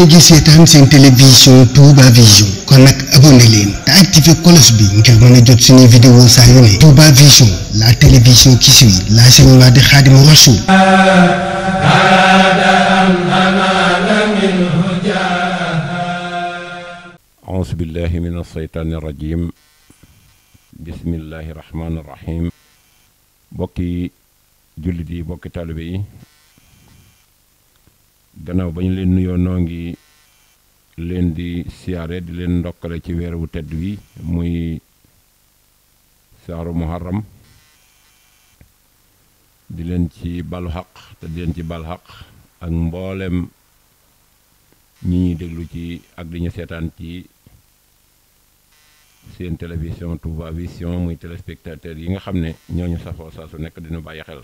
léegi seetaan seen télévision Touba Vision kon nag abonné leen te activé cloche bi ngir mën a jot suñuy vidéo Vision la télévision qui suit l'enseignement de Khadimou Rassoul أعوذ بالله من الشيطان الرجيم gannaaw ba ñu leen nuyoo noo ngi leen di siyaare di leen ndokkale ci weer wu tedd wi muy saaru muharram di leen ci balu xaq te di leen ci bal xaq ak mbooleem ñi ñuy déglu ci ak di ñu seetaan ci seen télévision Touba Vision muy téléspectateur yi nga xam ne ñooñu safoo saa su nekk dina bàyyi xel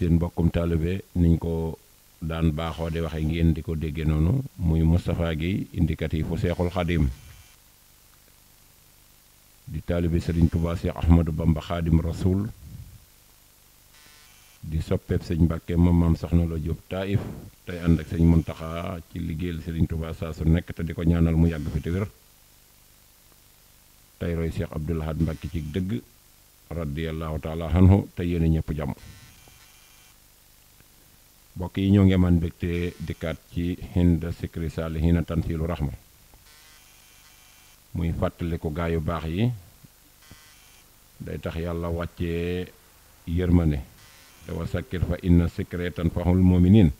seen mbokkum taalibe niñ ko daan baaxoo di waxe ngeen di ko dégge noonu muy Moustapha gi indicatifu Seexul Xadim di taalibe Sëriñ Tuubaa Seex Ahmadou Bamba Xaadim Rasuul di soppeeb sëñ Mbàkke ma maam soxna la Jóob Taif tey ànd ak sëñ Muntaxa ci liggéeyal Sëriñ Tuubaa saa su nekk te di ko ñaanal mu yàgg fi te tey roy Seex Abdul Ahad Mbàkke ci dëgg radiyallahu taala anhu te yéene ñëpp jàmm mbokk yi ñoo ngi amaan mbégte dikkaat ci hinda sikri saalihiina rax ma muy fàttaliku gaa yu baax yi day tax yàlla wàcce yërmande te wa sakkir fa inna sikri tanfahul mu'miniin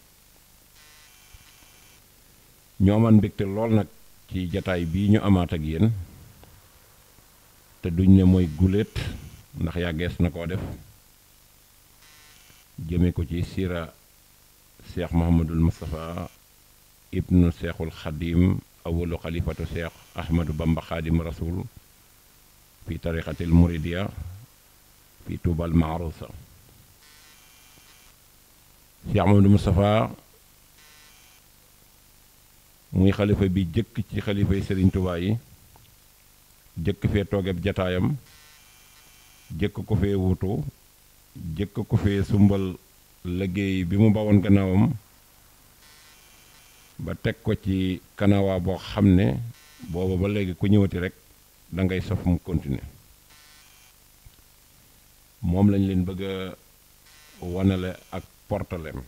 ñoo amaan mbégte lool nag ci jataay bii ñu amaat ak yéen te duñ ne mooy guléet ndax yàggees na koo def jëme ko ci siira cheikh Mouhamadul Moustapha ibnu cheikhul xadim awalu xalifatu cheikh Ahmadou Bamba xaadim rasul fi tariqatil muridiya fi tuubal maarusa cheikh Mouhamadou Moustapha muy xalifa bi jëkk ci xalifay Serigne Touba jëkk fee toogeeb jataayam jëkk ko fee wutu jëkk ko fee sumbal liggéey bi mu bawoon gannaawam ba teg ko ci kanawaa boo xam ne booba ba léegi ku ñëwati rek da ngay sof mu moom lañ leen bëgg a wanale ak portaleem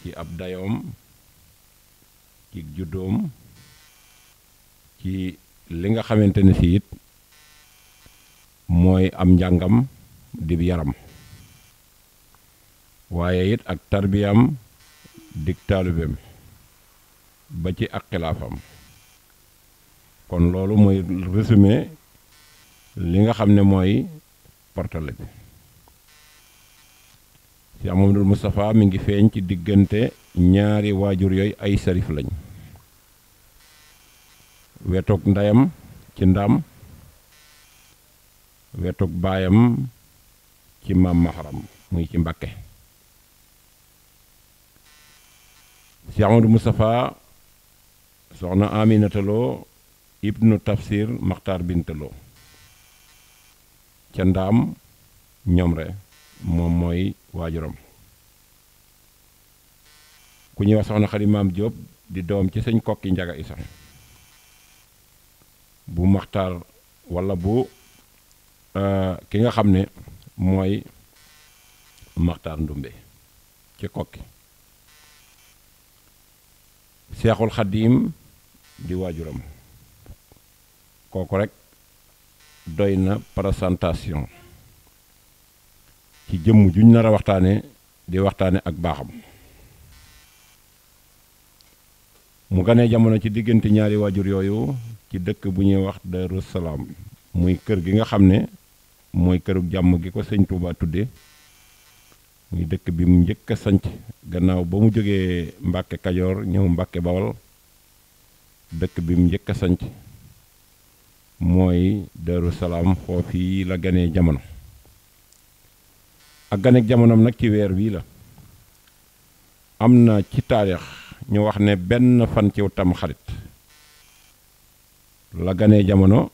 ci ab dayoom ci juddoom ci li nga xamante ne si it mooy am njàngam dib yaram waaye it ak tarbiyaam dig taalibeem ba ci ak xilaafam kon loolu mooy résumé li nga xam ne mooy portale bi Cheikh Mamadou mustafaa mi ngi feeñ ci diggante ñaari waajur yooyu ay sarif lañ wetoog ndeyam ci ndaam wetoog baayam ci maam maxaram muy ci Mbàkke Cheikh Amadou Moustapha soxna Aminata Lo ibnu Tafsir Makhtar Binta Lo ca ndaam ñoom moom mooy waajuram ku ñuy wax soxna Xadi Maam Jóob di doom ci sëñ kokki njaga isa bu maxtaar walla bu euh, ki nga xam ne mooy maxtaar ndumbe ci kokki seexul xaddiim di waajuram kooku rek doy na présentation ci jëmm juñ nar a waxtaane di waxtaane ak baaxam mu ganee jamono ci diggante ñaari waajur yooyu ci dëkk bu ñuy wax Daaru muy kër gi nga xam ne mooy këru jàmm gi ko sëñ Tuuba tudde muy dëkk bi mu njëkk a sanc gannaaw ba mu jógee Mbàkke Kajoor ñëw Mbàkke Bawol dëkk bi mu njëkk a sanc mooy Daaru Salaam yi la ganee jamono ak ganeek jamonoom nag ci weer wii la am na ci taarix ñu wax ne benn fan ciw tam xarit la ganee jamono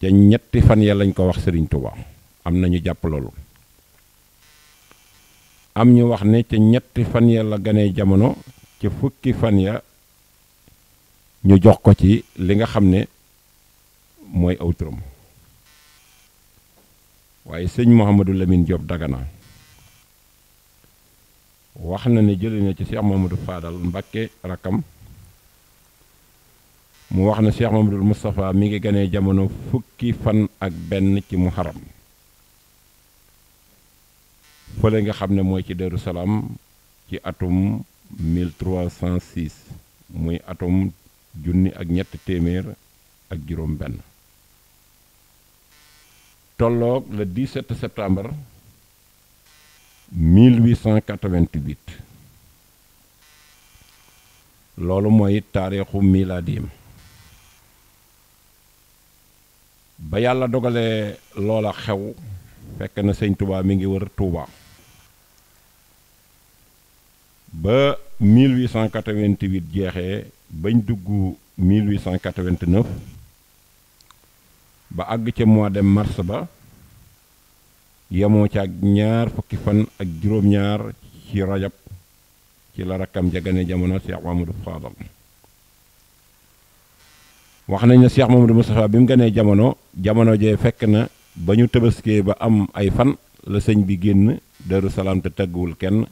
ca ñetti fan ya lañ ko wax Sëriñ Tuubaa am na ñu jàpp loolu am ñu wax ne ca ñetti fan ya la ganee jamono ca fukki fan ya ñu jox ko ci li nga xam ne mooy aw turam waaye sëñ Mouhamadou Lamine Diop Dagana wax na ne jëlee na ci Cheikh Mouhamadou Fadal Mbacké mu wax na Cheikh Mouhamadou Moustapha mi ngi ganee jamono fukki fan ak benn ci muharam fële nga xam ne mooy ci Darou Salaam ci atum 1306 muy atum junni ak ñett téeméer ak juróom benn tolloog le 17 septembre 1888 loolu mooy taarixu milaadiyam ba yàlla dogalee loola xew fekk na sëñ Touba mi ngi wër Touba ba 1888 jeexee bañ dugg 1889 ba àgg ca mois de mars ba yemoo ca ak ñaar fukki fan ak juróom-ñaar ci rajab ci la rakkam jagane jamono Cheikh Mamadou Fadal wax nañ ne Cheikh Mamadou Moustapha bi mu ganee jamono jamono jee fekk na ba ñu tëbaskee ba am ay fan la sëñ bi génn Daaru Salaam te tëgguwul kenn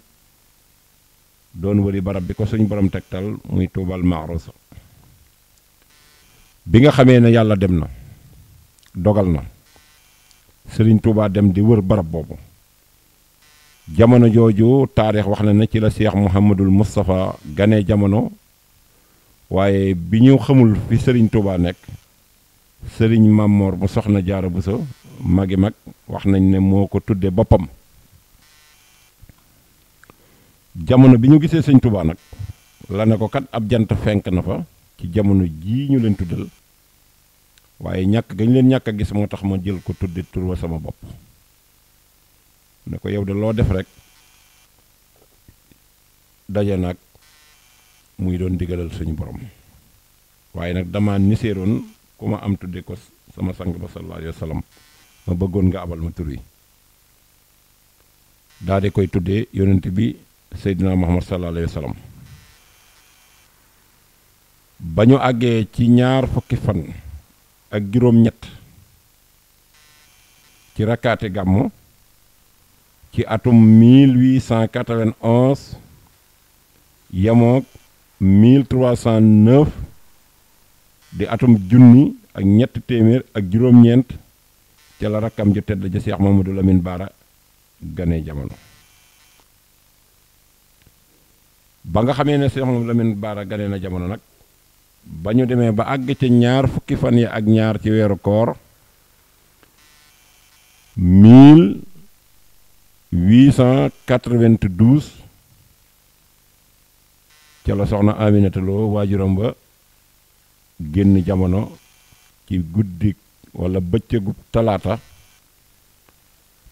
doon wëri barab bi ko suñ borom tegtal muy tuubal maarus bi nga xamee ne yàlla dem na dogal na sëriñ tuubaa dem di wër barab boobu jamono jooju taarix wax na ne ci la seex muhammadul moustapha ganee jamono waaye bi ñu xamul fi sëriñ tuubaa nekk sëriñ Mamor mu soxna jaara bu sa magi mag wax nañ ne moo ko tudde boppam jamono bi ñu gisee sëñ Touba nag la ne ko kat ab jant fenk na fa ci jamono jii ñu leen tuddal waaye ñàkk gañ leen ñàkk a gis moo tax ma jël ko tudde tur wa sama bopp ne ko yow de loo def rek daje nag muy doon digalal suñu borom waaye nag dama niseeroon ku ma am tudde ko sama sang ba sallallahu alayhi wa sallam ma bëggoon nga abal ma tur yi daa di koy tuddee yonent bi Seydina Muhammad sallallahu alayhi wa àggee ci ñaar fukki fan ak juróom-ñett ci rakkaati gàmmu ci atum 1891 yemoog 1309 di atum junni ak ñetti téeméer ak juróom-ñeent ca la rakkam ju tedd ja Seex Mamadou Lamine Baara gane jamono ba nga xamee ne Cheikh Mouhamadou Lamine Bara gane na jamono nag ba ñu demee ba àgg ca ñaar fukki fan yi ak ñaar ci weeru koor 1892 ca la soxna Aminata Lo waajuram ba génn jamono ci guddik wala bëccëgu talaata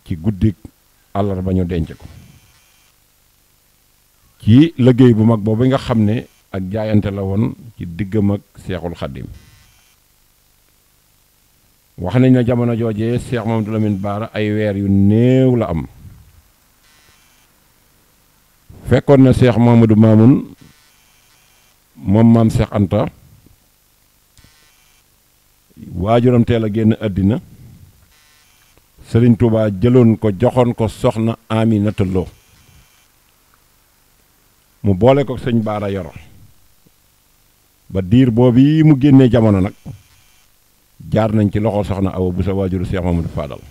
ci guddik àllarba ñu denc ko ci liggéey bu mag boobu nga xam ne ak jaayante la woon ci diggam ak seexul xaddim wax nañ na jamono jooje seex Mamadou Lamine Baara ay weer yu néew la am fekkoon na seex Mamadou Mamoun moom maam seex Anta waajuram teel a génn àddina sëliñ Tuubaa jëloon ko joxoon ko soxna Aminata Lo mu boole ko sëñ Baara Yoro ba diir boobu yi mu génnee jamono nag jaar nañ ci loxo soxna Awa bu sa waajuru mu Mamadou Fadal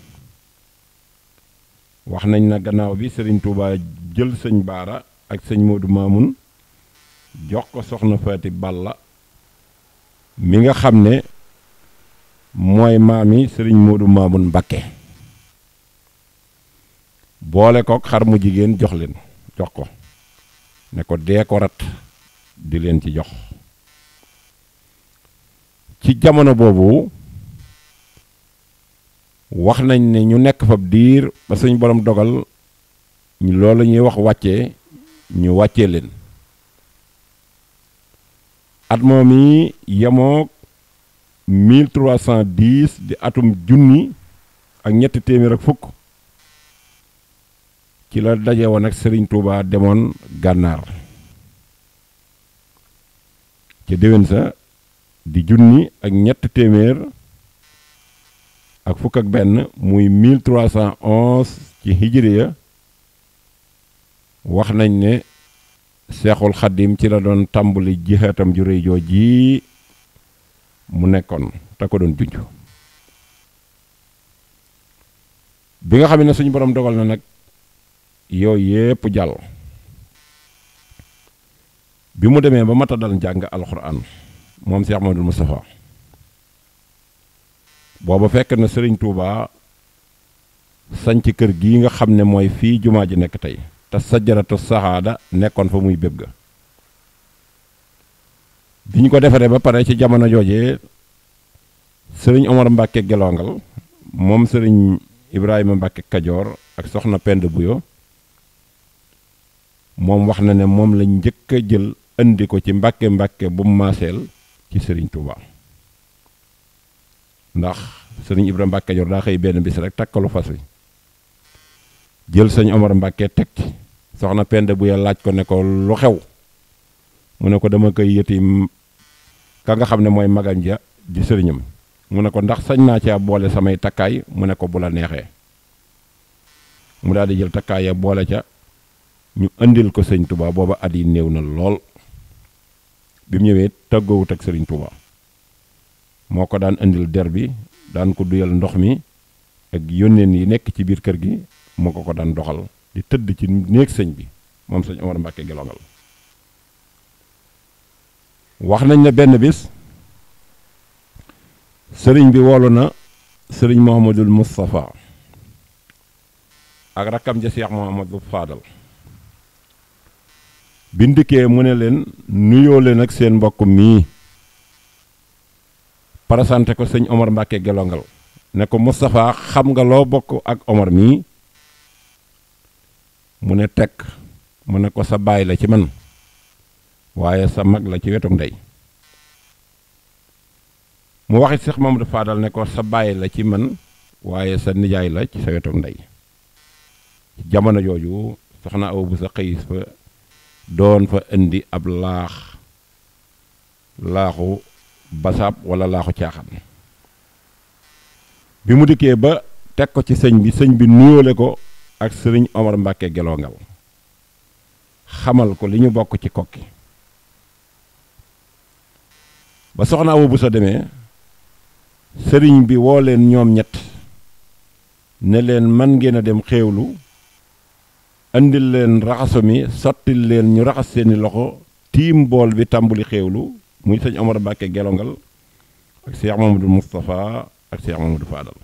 wax nañ na gannaaw bi sëriñ Touba jël sëñ Baara ak sëñ Modou Mamoun jox ko soxna Faati Balla mi nga xam ne mooy maami sëriñ Modou Mamoun Mbakke boole ko xar mu jigéen jox leen jox ko ne ko dee ko rat di leen ci jox ci jamono boobu wax nañ ne ñu nekk fab diir ba suñ borom dogal loolu la ñuy wax wàccee ñu wàccee leen at moom yi yemoog 1310 di atum junni ak ñetti téeméer ak fukk ci la daje woon nag sëriñ Touba demoon gànnaar ci déwén sa di junni ak ñett téeméer ak fukk ak benn muy 1311 ci hijriya wax nañ ne seexul xaddim ci la doon tàmbali jihaatam ju réy jooj yi mu nekkoon te ko doon junj bi nga xam ne suñu borom dogal na nag yooyu yépp jàll bi mu demee ba mata dal jàng alxuraan moom Cheikh Mamadou Moustapha booba fekk na sëriñ Touba sanc kër gii nga xam ne mooy fii jumaa ji nekk tey te sajaratu saxaada nekkoon fa muy béb ga bi ñu ko defaree ba pare ci jamono joojee Serigne Omar Mbacke ngal moom sëriñ Ibrahima Mbacke Kajoor ak soxna Penda Buyo moom wax na ne moom lañ njëkk jël indi ko ci mbàkke mbàkke bu maaseel ci sëriñ Touba ndax sëriñ Ibra Mbàkke Jor daa xëy benn bis rek takkalu fas wi jël sëñ Omar Mbàkke teg ci soxna Penda bu ya laaj ko ne ko lu xew mu ne ko dama koy yëti ka nga xam ne mooy magam ja di sëriñam mu ne ko ndax sañ naa caa boole samay takkaay mu ne ko bu la neexee mu daal di jël takkaay ya boole ca ñu indil ko sëñ tubaa booba at yi néew na lool bi mu ñëwee tàggoowut ak sëriñ Touba moo ko daan indil der bi daan ko duyal ndox mi ak yónneen yi nekk ci biir kër gi moo ko ko daan doxal di tëdd ci néeg sëñ bi moom sëñ Omar Mbàkke Gelongal wax nañ ne benn bis sëriñ bi woolu na sëriñ Mouhamadul Moustapha ak rakkam ja Cheikh Mouhamadul Fadal bi mu ne leen nuyoo leen ak seen mbokk mii parasante ko sëñ Omar Mbàkke gelongal ne ko Moustapha xam nga loo bokk ak omor mii mu ne tekk mu ne ko sa baay la ci man waaye sa mag la ci wetu ndey mu waxi Seex Mamadu Faadal ne ko sa baay la ci man waaye sa nijaay la ci sa wetu ndey jamono jooju soxna aw bu sa xëyis fa doon fa indi ab laax laaxu basaab wala laaxu caaxaan bi mu dikkee ba teg ko ci sëñ bi sëñ bi nuyoole ko ak sëriñ Omar Mbàkke gelongal xamal ko li ñu bokk ci kokki ba soxna Awa Buso demee sëriñ bi woo leen ñoom ñett ne leen man ngeen a dem xéewlu andil leen raxasu mi sottil leen ñu raxas seeni loxo tiim bool bi tàmbuli xéewlu muy sëñ Omar Mbàkke gelongal ak Cheikh Mamadou Moustapha ak Cheikh Mamadou Fadal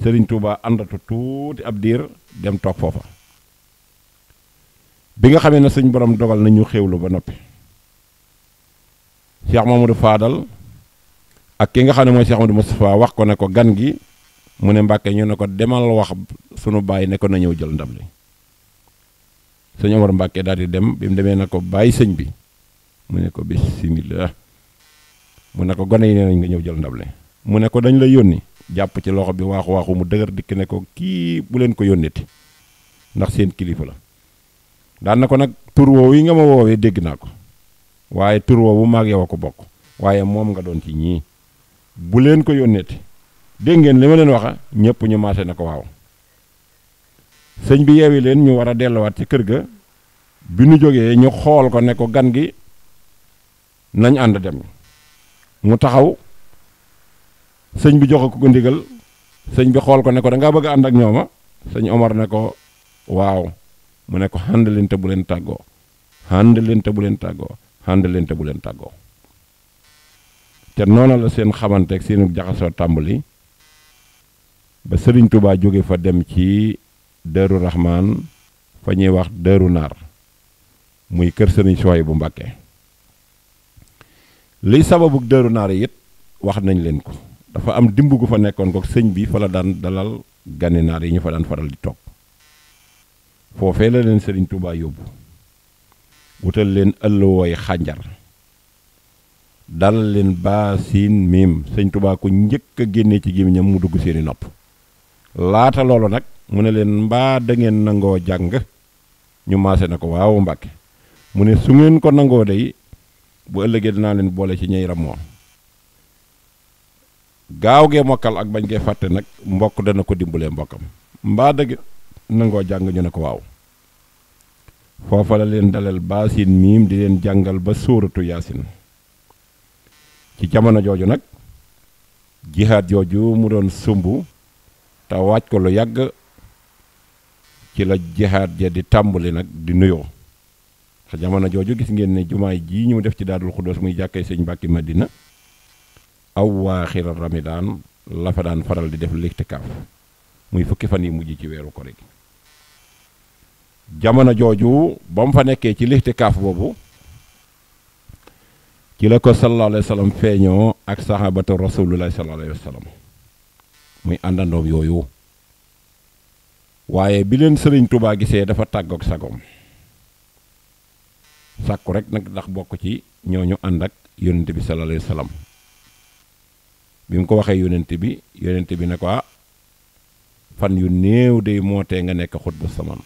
Sëriñ Tuuba àndatu tuuti ab diir dem toog foofa bi nga xamee ne suñ borom dogal na ñu xéewlu ba noppi Cheikh Mamadou Fadal ak ki nga xam ne mooy Cheikh Mamadou Moustapha wax ko ne ko gan gi mu ne Mbàkke ñu ne ko demal wax sunu bàyyi ne ko na ñëw jël ndam li sëñ Omar Mbàkke daal di dem bi mu demee na ko bàyyi sëñ bi mu ne ko bisimilah mu ne ko gone yi nee nañ nga ñëw jël ndable mu ne ko dañu la yónni jàpp ci loxo bi waaxu waaxu mu dëgër dikk ne ko kii bu leen ko yónneti ndax seen kilifa la daan na ko nag tur woowu yi nga ma woowee dégg naa ko waaye tur woowu maag yow ko bokk waaye moom nga doon ci ñii bu leen ko yónneti dégg ngeen li ma leen waxa ñëpp ñu maase ne ko waaw sëñ bi yeewi leen ñu war a delluwaat ci kër ga bi nu jógee ñu xool ko ne ko gan gi nañ ànd dem mu taxaw sëñ bi joxe ko ndigal sëñ bi xool ko ne ko da bëgg ànd ak ñooma sëñ Omar ne ko waaw mu ne ko ànd leen bu leen tàggoo ànd leen bu leen tàggoo ànd leen bu leen tàggoo te noona la seen xamanteeg seenu jaxasoo tàmbali ba Sëriñ Tuubaa jóge fa dem ci dëru Rahman fa ñuy wax dëru naar muy kër sëriñ sooy bu Mbàkke liy sababu dëru naar yi wax nañ leen ko dafa am dimb gu fa nekkoon ko sëñ bi fa la daan dalal gane naar yi ñu fa daan faral di toog foofee la leen sëriñ Touba yóbbu wutal leen ëllëwooy xànjar dalal leen baasiin miim sëñ Touba ko njëkk a génnee ci gémmiñam mu dugg seeni nopp laata loolu nag mu ne leen mbaa da ngeen nangoo jàng ñu maase na ko waaw Mbàkke mu ne su ngeen ko nangoo day bu ëllëgee dinaa leen boole ci ñey ramoo gaaw gee mokkal ak bañ gee fàtte nag mbokk dana ko dimbalee mbokkam mbaa dëgg nangoo jàng ñu ne ko waaw foofa la leen dalal baasin miim di leen jàngal ba sóoratu yaasin ci jamono jooju nag jihaat jooju mu doon sumb te waaj ko lu yàgg ci la jihaad ja di tàmbali nag di nuyoo te jamono jooju gis ngeen ne jumaay jii ñu def ci daadul xuddoos muy jàkkee sëñ Mbàkke Madina aw waaxira ramadaan la fa daan faral di def lixtikaaf muy fukki fan yi mujj ci weeru kore gi jamono jooju ba mu fa nekkee ci lixtikaaf boobu ci la ko sallallahu alayhi wa feeñoo ak sahabatu rasulullahi sallallahu alayhi muy àndandoom yooyu waaye bi leen sëriñ tubaa gisee dafa tàggoog sagoom sàkku rek nag ndax bokk ci ñooñu ànd ak yonent bi sallallahu alayhi wa bi mu ko waxee yonent bi yonent bi ne ko ah fan yu néew day mootee nga nekk xutba samaan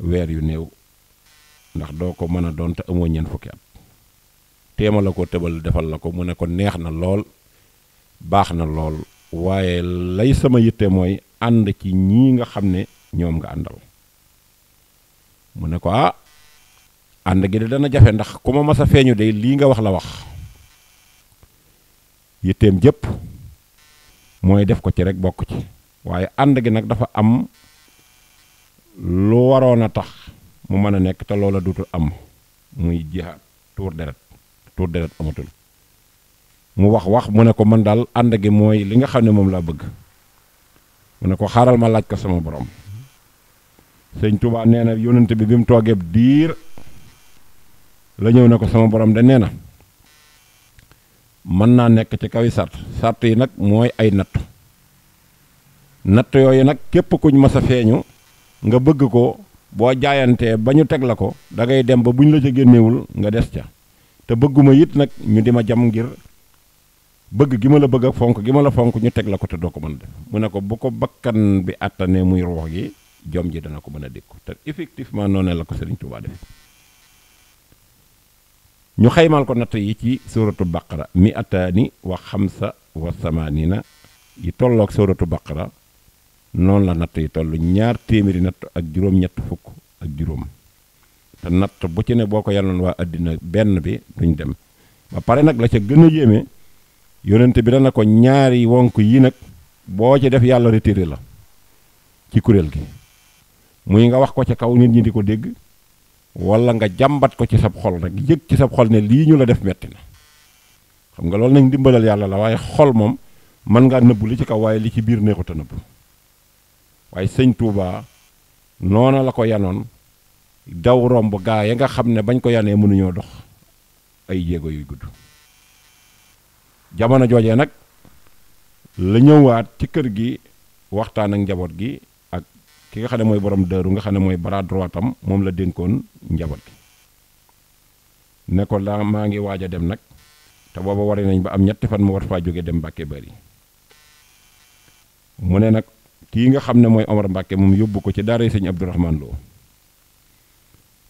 weer yu néew ndax doo ko mën a doon amoo ñeent fukki at téema la ko tëbal defal la ko mu ne ko neex na lool baax na lool waaye lay sama yëtte mooy ànd ci ñii nga xam ne ñoom nga àndal mu ne ko ah ànd gi de dana jafe ndax ku ma mas a feeñu de lii nga wax la wax yitteem jépp mooy def ko ci rek bokk ci waaye ànd gi nag dafa am lu waroon a tax mu mën a nekk te loola dutul am muy jihaat tuur deret tuur deret amatul mu wax wax mu ne ko man daal ànd gi mooy li nga xam ne moom laa bëgg mu ko xaaral ma laaj ko sama borom sëñ Touba nee na yónnent bi bi mu toogee diir la ñëw ne ko sama borom da nee na mën naa nekk ci kaw yi sart yi nag mooy ay natt natt yooyu nag képp kuñ mas a feeñu nga bëgg ko boo jaayantee ba ñu teg la ko dangay dem ba buñ la ca génnewul nga des ca te bëgguma it nag ñu di ma jam ngir bëgg gi ma la bëgg ak fonk gi ma fonk ñu teg la ko te doo ko mën def mu ne ko bu ko bakkan bi àttanee muy ruux gi jom ji dana ko mën a dékku te effectivement noonu la ko Serigne Touba def ñu xaymaal ko natt yi ci suratu baqara mi ataani wa xamsa wa samaanina yi tolloog suratu baqara noonu la natt yi toll ñaar téeméeri natt ak juróom-ñett fukk ak juróom te natt bu ci ne boo ko yàlloon waa àddina benn bi duñ dem ba pare nag la ca gën a yéeme yonent bi dana ko ñaari wonk yii nag boo ci def yàlla retiré la ci kuréel gi muy nga wax ko ca kaw nit ñi di ko dégg walla nga jàmbat ko ci sab xol nag yëg ci sab xol ne lii ñu la def metti na xam nga loolu nag ndimbalal yàlla la waaye xol moom mën ngaa nëbbu li ci kaw waaye li ci biir neexut a nëbbu waaye sëñ Touba noona la ko yanoon daw romb gaa ya nga xam ne bañ ko yanee mënuñoo dox ay jéego yuy gudd jamono joojee nag la ñëwaat ci kër gi waxtaan ak njaboot gi ak ki nga xam ne mooy borom dëru nga xam ne mooy bras droit moom la dénkoon njaboot gi ne la maa ngi waaj a dem nag te booba wari nañ ba am ñetti fan mu war faa jóge dem Mbàkke bari mu ne nag tii nga xam ne mooy Omar Mbàkke moom yóbbu ko ci daaray sëñ Abdourahmane Lo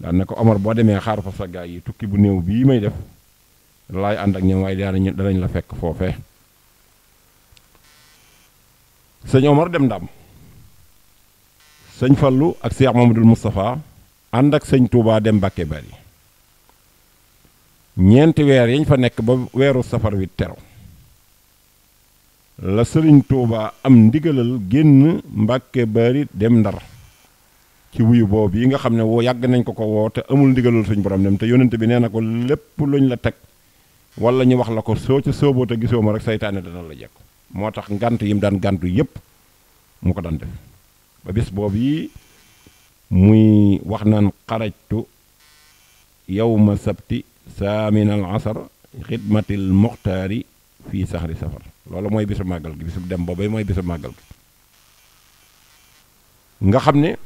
daan ne ko Omar boo demee xaar fa sa gaay yi tukki bu néew bii may def laay ànd ak ñoom waaye daanañu danañ la fekk foofe sëñ Omar dem ndam sëñ Fallu ak Cheikh Mamadou Moustapha ànd ak sëñ Touba dem Mbàkke Bari ñeenti weer yañ fa nekk ba weeru safar wi teru la sëriñ tuubaa am ndigalal génn Mbàkke Bari dem Ndar ci wuyu boobu yi nga xam ne woo yàgg nañ ko ko woo te amul ndigalul suñ borom dem te yonent bi nee na ko lépp luñ la teg wala ñu wax la ko soo ca sooboo te gisoo ma rek saytaane dana la jekk moo tax ngant yi mu daan gantu yëpp mu ko daan def ba bis boobu yi muy wax naan xarajtu yawma sabti saaminal asar xidmatil muxtaari fii saxri safar loolu mooy bisu màggal gi bisu dem boobay mooy bisu màggal gi nga xam ne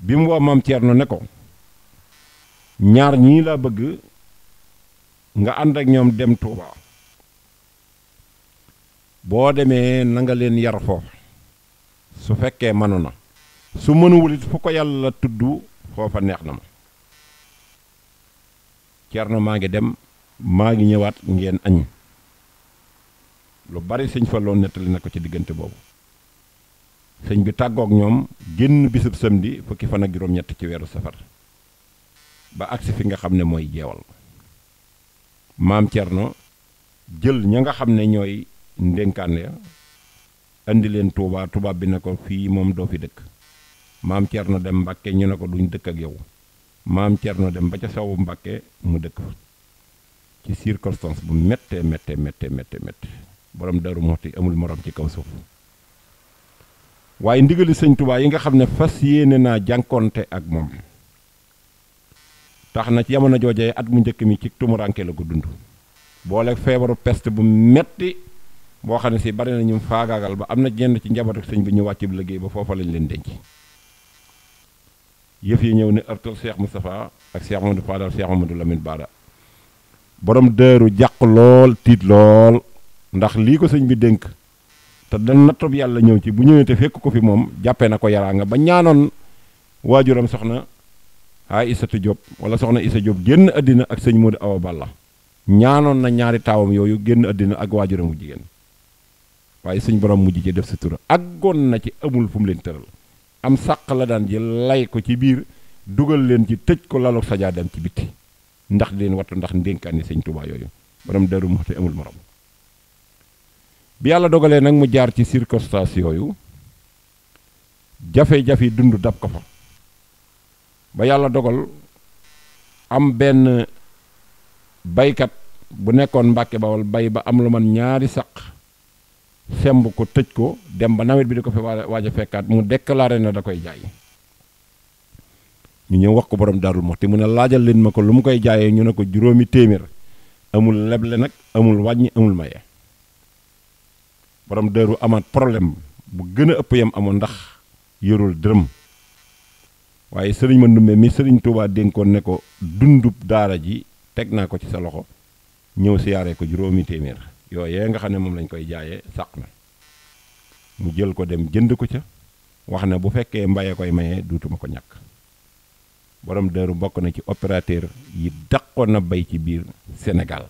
bi mu woo maam Thierno ne ko ñaar ñii laa bëgg nga ànd ak ñoom dem wa boo demee na nga leen yar foofa su fekkee mënu na su mënuwulit fu ko yàlla tudd foofa neex na ma na maa ngi dem maa ngi ñëwaat ngeen añ lu bari sëñ Fallu nettali na ko ci diggante boobu sëñ bi tàggook ñoom génn bisub samedi fukki fan ak juróom-ñett ci weeru safar ba agsi fi nga xam ne mooy jeewal maam Thierno jël ña nga xam ne ñooy ndénkaan ya andi leen Touba tubaab bi na ko fii moom doo fi dëkk maam Thierno dem Mbacke ñu ne ko duñ dëkk ak yow maam Thierno dem ba ca sawu Mbacke mu dëkk ci circonstance bu méttee méttee méttee méttee méttee borom daru moxti amul moroom ci kaw suuf waaye ndigali sëñ Touba yi nga xam ne fas yéene naa jànkoonte ak moom. tax na ci jamono joojee at mu njëkk mi ci tumuranke la ko dund boole feebaru peste bu metti boo xam ne si bari nañu faagaagal ba am na ñenn ci njabootu sëñ bi ñu wàcc bi liggéey ba foofa lañ leen denc yëf yi ñëw ne ërtal Cheikh Moustapha ak Cheikh Mamadou Fadal Cheikh Mamadou Lamine Bara borom dëru jàq lool tiit lool ndax lii ko sëñ bi dénk te dan nattob yàlla ñëw ci bu ñëwee te fekk ko fi moom jàppee na ko yaraa nga ba ñaanoon waajuram soxna ay Issatu Diop wala soxna Issa Diop génn àddina ak sëñ Modou Awa Balla ñaanoon na ñaari taawam yooyu génn àddina ak waajuram wu jigéen waaye sëñ borom mujj ci def sa tura aggoon na ci amul fu mu leen tëral am sàq la daan ji lay ko ci biir dugal leen ci tëj ko lalo sajaa dem ci bitti ndax leen wattu ndax ndénkaani sëñ Tuubaa yooyu borom daru muxti amul morom bi yàlla dogalee nag mu jaar ci circonstance yooyu jafe-jafe dund dab ko fa ba yàlla dogal am benn baykat bu nekkoon Mbàkke Bawol bay ba am lu man ñaari saq semb ko tëj ko dem ba nawet bi di ko fi waaja a fekkaat mu déclaré na da koy jaay ñu ñëw wax ko borom Daaru te mu ne laajal leen ma ko lu mu koy jaayee ñu ne ko juróomi téeméer amul leble nag amul wàññi amul maye borom Daaru amaat problème bu gën a ëpp yam amoon ndax yorul dërëm waaye sëriñ ma ndumbe mi sëriñ Touba dénkoon ne ko dundub daara ji teg naa ko ci sa loxo ñëw siyaaree ko juróomi téeméer yooyee nga xam ne moom lañu koy jaayee sàq na mu jël ko dem jënd ko ca wax ne bu fekkee mbaye koy maye duutuma ko ñàkk borom dëru bokk na ci opérateur yi daqoon na bay ci biir Sénégal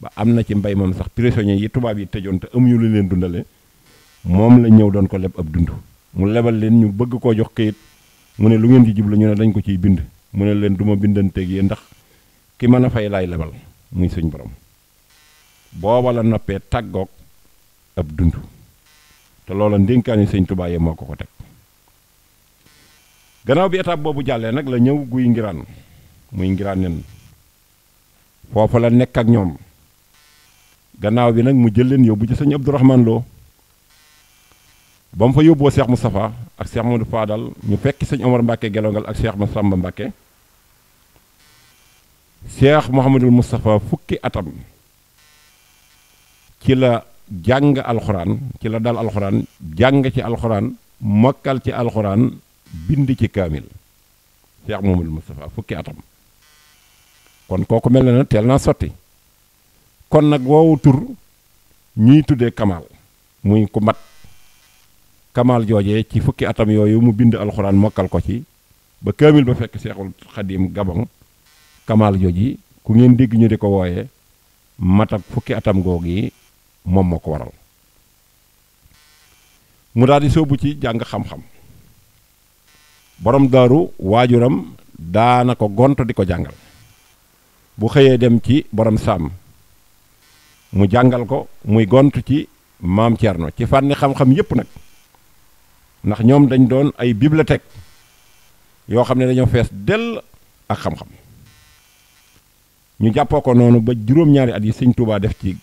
ba am na ci mbay moom sax prisonnier yi tubaab yi tejoon te amuñu lu leen dundale moom la ñëw doon ko leb ab dund mu lebal leen ñu bëgg koo jox kayit mu ne lu ngeen ci jublu ñu ne dañ ko ciy bind mu ne leen du ma bindanteeg yéen ndax ki mën a fay laay lebal muy suñ borom booba la noppee tàggoog ab dund te loola ndénkaani sëñ Tuubaa moo ko ko teg gannaaw bi étape boobu jàllee nag la ñëw guy ngiraan muy ngiraan nen foofa la nekk ak ñoom gannaaw bi nag mu jël leen yóbbu ci sëñ Abdourahman Lo ba mu fa yóbboo Cheikh Moustapha ak Cheikh Modou Fadal ñu fekki sëñ Omar Mbacke gelongal ak Cheikh Massamba Mbacke Cheikh Mouhamadul Moustapha fukki atam ci la jàng alxuraan ci la dal alxuraan jàng ci alxuraan makkal ci alxuraan bind ci kaamil Cheikh Mouhamadul Moustapha fukki atam kon kooku mel na ne teel naa sotti kon nag woowu tur ñuy tuddee Kamal muy ku mat. Kamal jooje ci fukki atam yooyu mu bind alxuraan mokkal ko ci ba kaamil ba fekk seexul xadim gabon Kamal jooji ku ngeen dégg ñu di ko wooyee matab fukki atam googu yi moom moo ko waral mu daal di sóobu ci jàng xam-xam borom daaru waajuram daana ko gont di ko jàngal bu xëyee dem ci borom sàmm mu jàngal ko muy gont ci maam Thierno ci fànni xam-xam yépp nag ndax ñoom dañ doon ay bibliothèque yoo xam ne dañoo fees dell ak xam-xam ñu jàppoo ko noonu ba juróom-ñaari at yi sëñ Touba def ci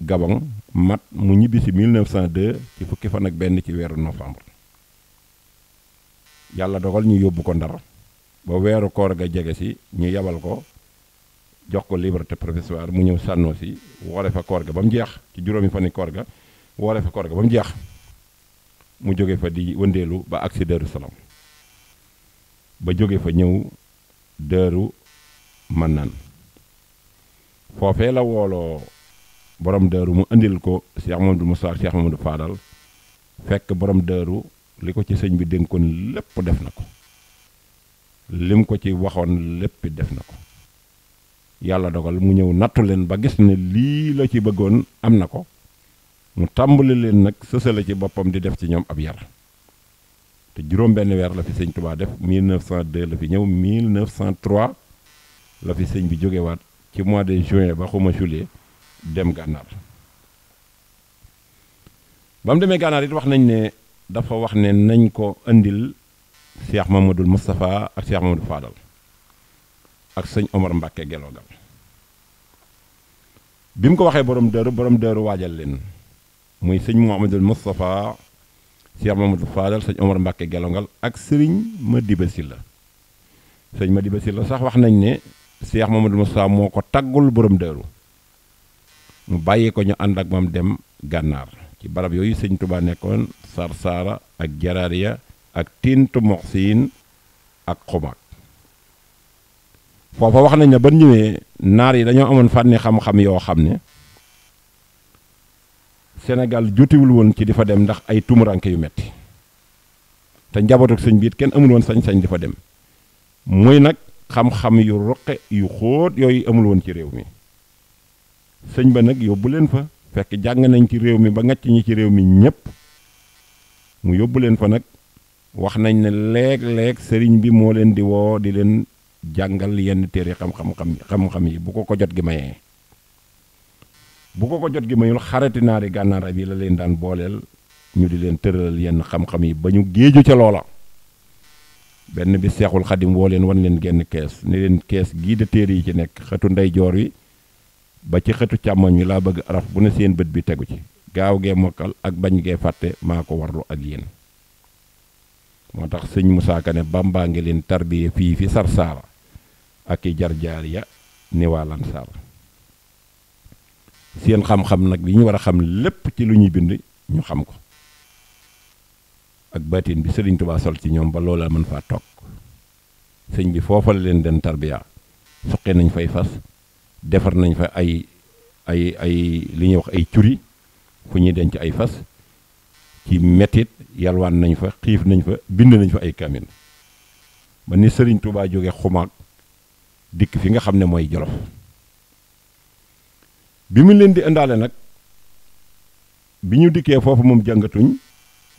Gabon mat mu ñibbi si mil 1902 ci fukki fan ak benn ci weeru novembre yàlla dogal ñu yóbbu ko ndar ba weeru koor ga jege si ñu yabal ko jox ko liberté provisoire mu ñëw sànnoo si woore fa koor ba mu jeex ci juróomi fani koor woore fa koor ba mu jeex mu jóge fa di wëndeelu ba agsi Daaru Salaam ba jóge fa ñëw Daaru nan foofee la wooloo borom dëru mu indil ko Cheikh Mamadou Moussa Cheikh Mamadou Fadal fekk borom dëru li ko ci sëñ bi dénkoon lépp def na ko lim ko ci waxoon lépp def na ko yàlla dogal mu ñëw nattu leen ba gis ne lii la ci bëggoon am na ko mu tàmbali leen nag sësale ci boppam di def ci ñoom ab yar te juróom-benn weer la fi sëñ Tuubaa def 1902 la fi ñëw 1903 la fi sëñ bi jógewaat ci mois de juin ba xuma juillet dem gànnaar ba mu demee gànnaar it wax nañ ne dafa wax ne nañ ko indil Cheikh Mamadou Moustapha ak Cheikh Mamadou Fadal ak sëñ Omar Mbacke Gelogal bi mu ko waxee borom dëru borom dëru waajal leen. muy sëñ Mouhamadul Moustapha Cheikh Mamadou Fadal sëñ Omar Mbacke gelongal ak sëriñ ma Madiba Sylla sëñ Madiba Sylla sax wax nañ ne Cheikh Mamadou Moustapha moo ko taggul borom dëru mu bàyyi ko ñu ànd ak moom dem gànnaar ci barab yooyu sëñ Touba nekkoon Sarsara ak Jararia ak Tintu Moxsin ak Xumaag foofa wax nañ ne ba ñëwee naar yi dañoo amoon fànni xam-xam yoo xam ne. Sénégal jutiwul woon ci di fa dem ndax ay tumuranke yu metti te njabootu sëñ biit kenn amul woon sañ-sañ di fa dem muy nag xam-xam yu roqe yu xóot yooyu amul woon ci réew mi sëñ ba nag yóbbu leen fa fekk jàng nañ ci réew mi ba ngacc ñi ci réew mi ñépp mu yóbbu leen fa nag wax nañ ne léeg-léeg sëriñ bi moo leen di woo di leen jàngal yenn téere xam-xam xam xam-xam yi bu ko ko jot gi mayee bu ko ko jot gi mayul xarati naari gànnaar ab yi la leen daan booleel ñu di leen tëralal yenn xam-xam yi ba ñu géeju ca loola benn bi seexul xadim woo leen wan leen genn kees ne leen kees gii de téere yi ci nekk xetu ndeyjoor yi ba ci xetu càmmooñ yi laa bëgg araf bu ne seen bët bi tegu ci gaaw gee mokkal ak bañ gee fàtte maa ko warlu ak yéen moo tax sëñ Moussa Ka ne bambaa ngi leen tarbiye fii fi sarsaara ak i jarjaar ya ni waa lan saara seen xam-xam nag li ñu war a xam lépp ci lu ñuy bind ñu xam ko ak baatin bi sëriñ Tuubaa sol ci ñoom ba loola mën faa toog sëñ bi foofal leen den tarbiya suqe nañ fay fas defar nañ fa ay ay ay li ñuy wax ay curi fu ñuy denc ay fas ci mettit yalwaan nañ fa xiif nañ fa bind nañ fa ay kamin ba ni sëriñ tubaa jóge xumaag dikk fi nga xam ne mooy Jolof bi mu leen di indaale nag bi ñu dikkee foofu moom jàngatuñ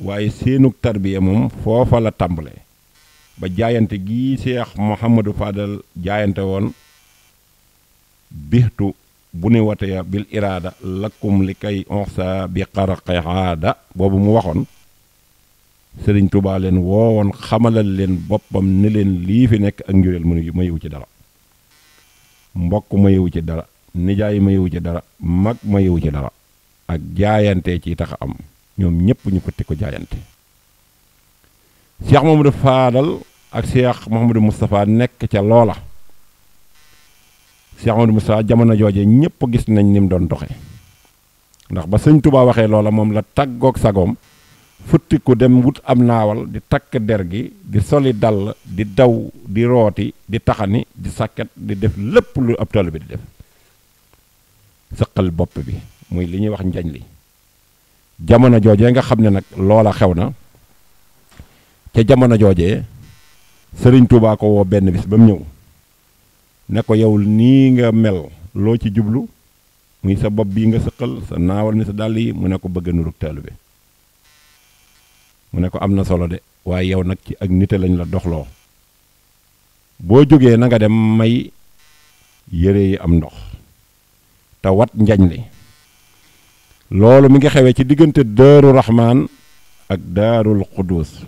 waaye seenug tarbiya moom foofa la tàmbalee ba jaayante gi Cheikh Mouhamadou jaayante woon bixtu bu ni watee bil iraada lakkum li kay onsa bi xaraxaada boobu mu waxoon sëriñ Tuubaa leen woowoon xamalal leen boppam ne leen lii fi nekk ak njureel mënu ma yëwu ci dara mbokk ma yëwu ci dara nijaay ma yewu ci dara mag ma yewu ci dara ak jaayante ci tax am ñoom ñëpp ñu pëtti ko jaayante Cheikh Mamadou Faadal ak Cheikh Mouhamadou Moustapha nekk ca loola Cheikh Mouhamadou Moustapha jamono jooje ñëpp gis nañ ni doon doxe ndax ba sëñ Touba waxee loola moom la tàggoog sagoom futti ku dem wut am naawal di takk der gi di soli dal di daw di rooti di taxani di sàkket di def lépp lu ab taalibe bi di def sëqal bopp bi muy li ñuy wax njañ li jamono joojee nga xam ne nag loola xew na ca jamono joojee sëriñ Touba woo benn bis ba mu ñëw ne ko yow nii nga mel loo ci jublu muy sa bopp bii nga sëqal sa naawal mi sa dàll yi mu ne ko bëgg nurug taalibe mu ne ko am na solo de waaye yow nag ci ak nite lañ la doxloo boo jógee nanga dem may yére yi am ndox te wat njañ li loolu mi ngi xewee ci diggante daaru raxmaan ak daarul xudduus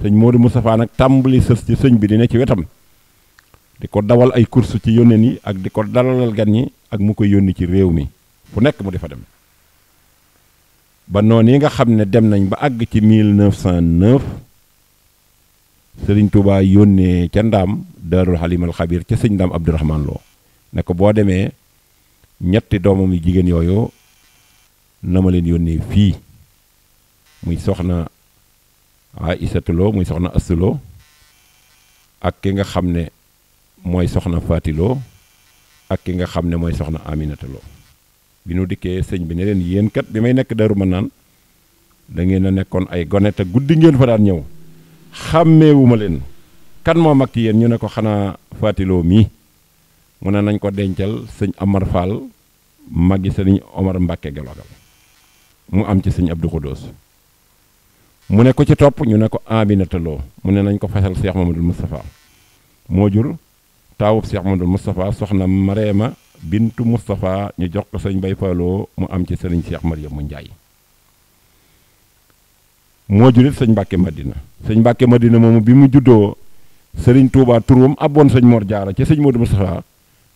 sëñ Modou Moustapha ak tàmbali sës ci sëñ bi dina ci wetam di ko dawal ay course ci yónneen yi ak di ko dalalal gan ñi ak mu koy yónni ci réew mi fu nekk mu di fa dem ba noonu yi nga xam ne dem nañ ba àgg ci 1909 Sëriñ Tuubaa yónnee ca Ndaam Daarul Xalimal Xabiir ca sëñ Ndaam Abdurahmaan loo ne ko boo demee ñetti doomam yu jigéen yooyu na ma leen yónnee fii muy soxna Aïssatuloo muy soxna Astuloo ak ki nga xam ne mooy soxna Fatiloo ak ki nga xam ne mooy soxna Aminatuloo bi nu dikkee sëñ bi ne leen yéen kat bi may nekk Daaru Manaan da ngeen a nekkoon ay gone guddi ngeen fa daan ñëw xàmmewuma leen kan moo mag ci yéen ñu ne ko xanaa Fatiloo mii mu ne nañ ko dencal sëñ Amar Fall magi sëñ Omar Mbacke gelogal mu am ci sëñ Abdou Khoudous mu ne ko ci topp ñu ne ko Aminata Lo mu ne nañ ko fasal Cheikh Mamadou Moustapha moo jur taawub Cheikh Mamadou Moustapha soxna Mareema Bintu Moustapha ñu jox ko sëñ Bay Falloo mu am ci sëriñ Cheikh Mariamu Njaay moo jurit sëñ Mbacke Madina sëñ Mbacke Madina moomu bi mu juddoo sëriñ Touba turam abboon sëñ moor Jaara ci sëñ Modou Moustapha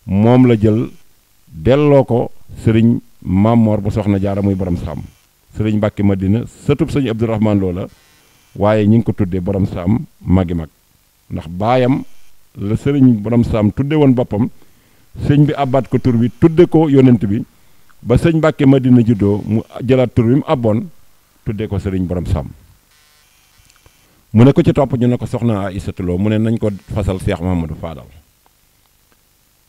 moom la jël delloo ko sëriñ Mamor bu soxna jaara muy borom saam sëriñ Mbàkke Madina sëtub sëñ Abdourahman Lo la waaye ñi ngi ko tuddee borom saam magi mag ndax baayam la sëriñ borom saam tudde woon boppam sëñ bi abbaat ko tur bi tudde ko yonent bi ba sëñ Mbàkke Madina juddoo mu jëlaat tur bi mu abboon tudde ko sëriñ borom saam mu ne ko ci topp ñu ne ko soxna Aïssatou Lo mu ne nañ ko fasal Cheikh Mouhamadou Fadal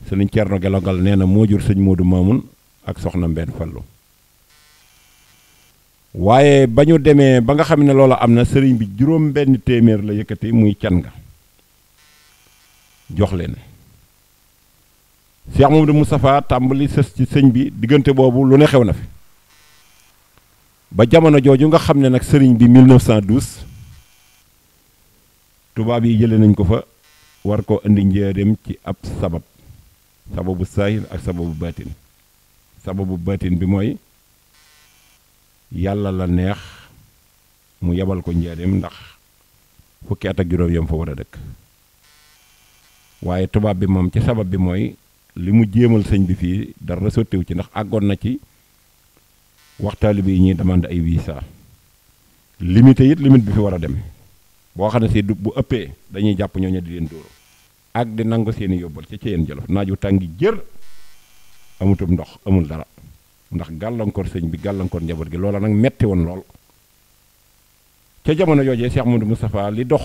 sëriñ Thierno Gelongal nee na moo jur sëñ Modou Mamoun ak soxna mbenn Fallou waaye ba ñu demee ba nga xam ne loola am na sëriñ bi juróom benn téeméer la yëkkati muy can nga jox leen Cheikh Mamadou mustafaa tàmbali sës ci sëñ bi diggante boobu lu ne xew na fi ba jamono jooju nga xam ne nag sëriñ bi 1912 tubaab yi jëlee nañ ko fa war ko indi njëriñam ci ab sabab sababu saahir ak sababu baatin sababu baatin bi mooy yàlla la neex mu yebal ko njaareem ndax fukki at ak juróom yam fa war a dëkk waaye tubaab bi moom ci sabab bi mooy li mu jéemal sëñ bi fii dara sottiwu ci ndax àggoon na ci waxtaali bi ñuy demande ay visa limite yit limite bi fi war a dem boo xam ne si du bu ëppee dañuy jàpp ñooñu di leen dóor ak di nangu seeni yóbbal ca ceyen Jolof naaju tàngi jër amutum ndox amul dara ndax gàllankoor sëñ bi gàllankoor njaboot gi loola nag metti woon lool ca jamono joojee Cheikh Modou Moustapha li dox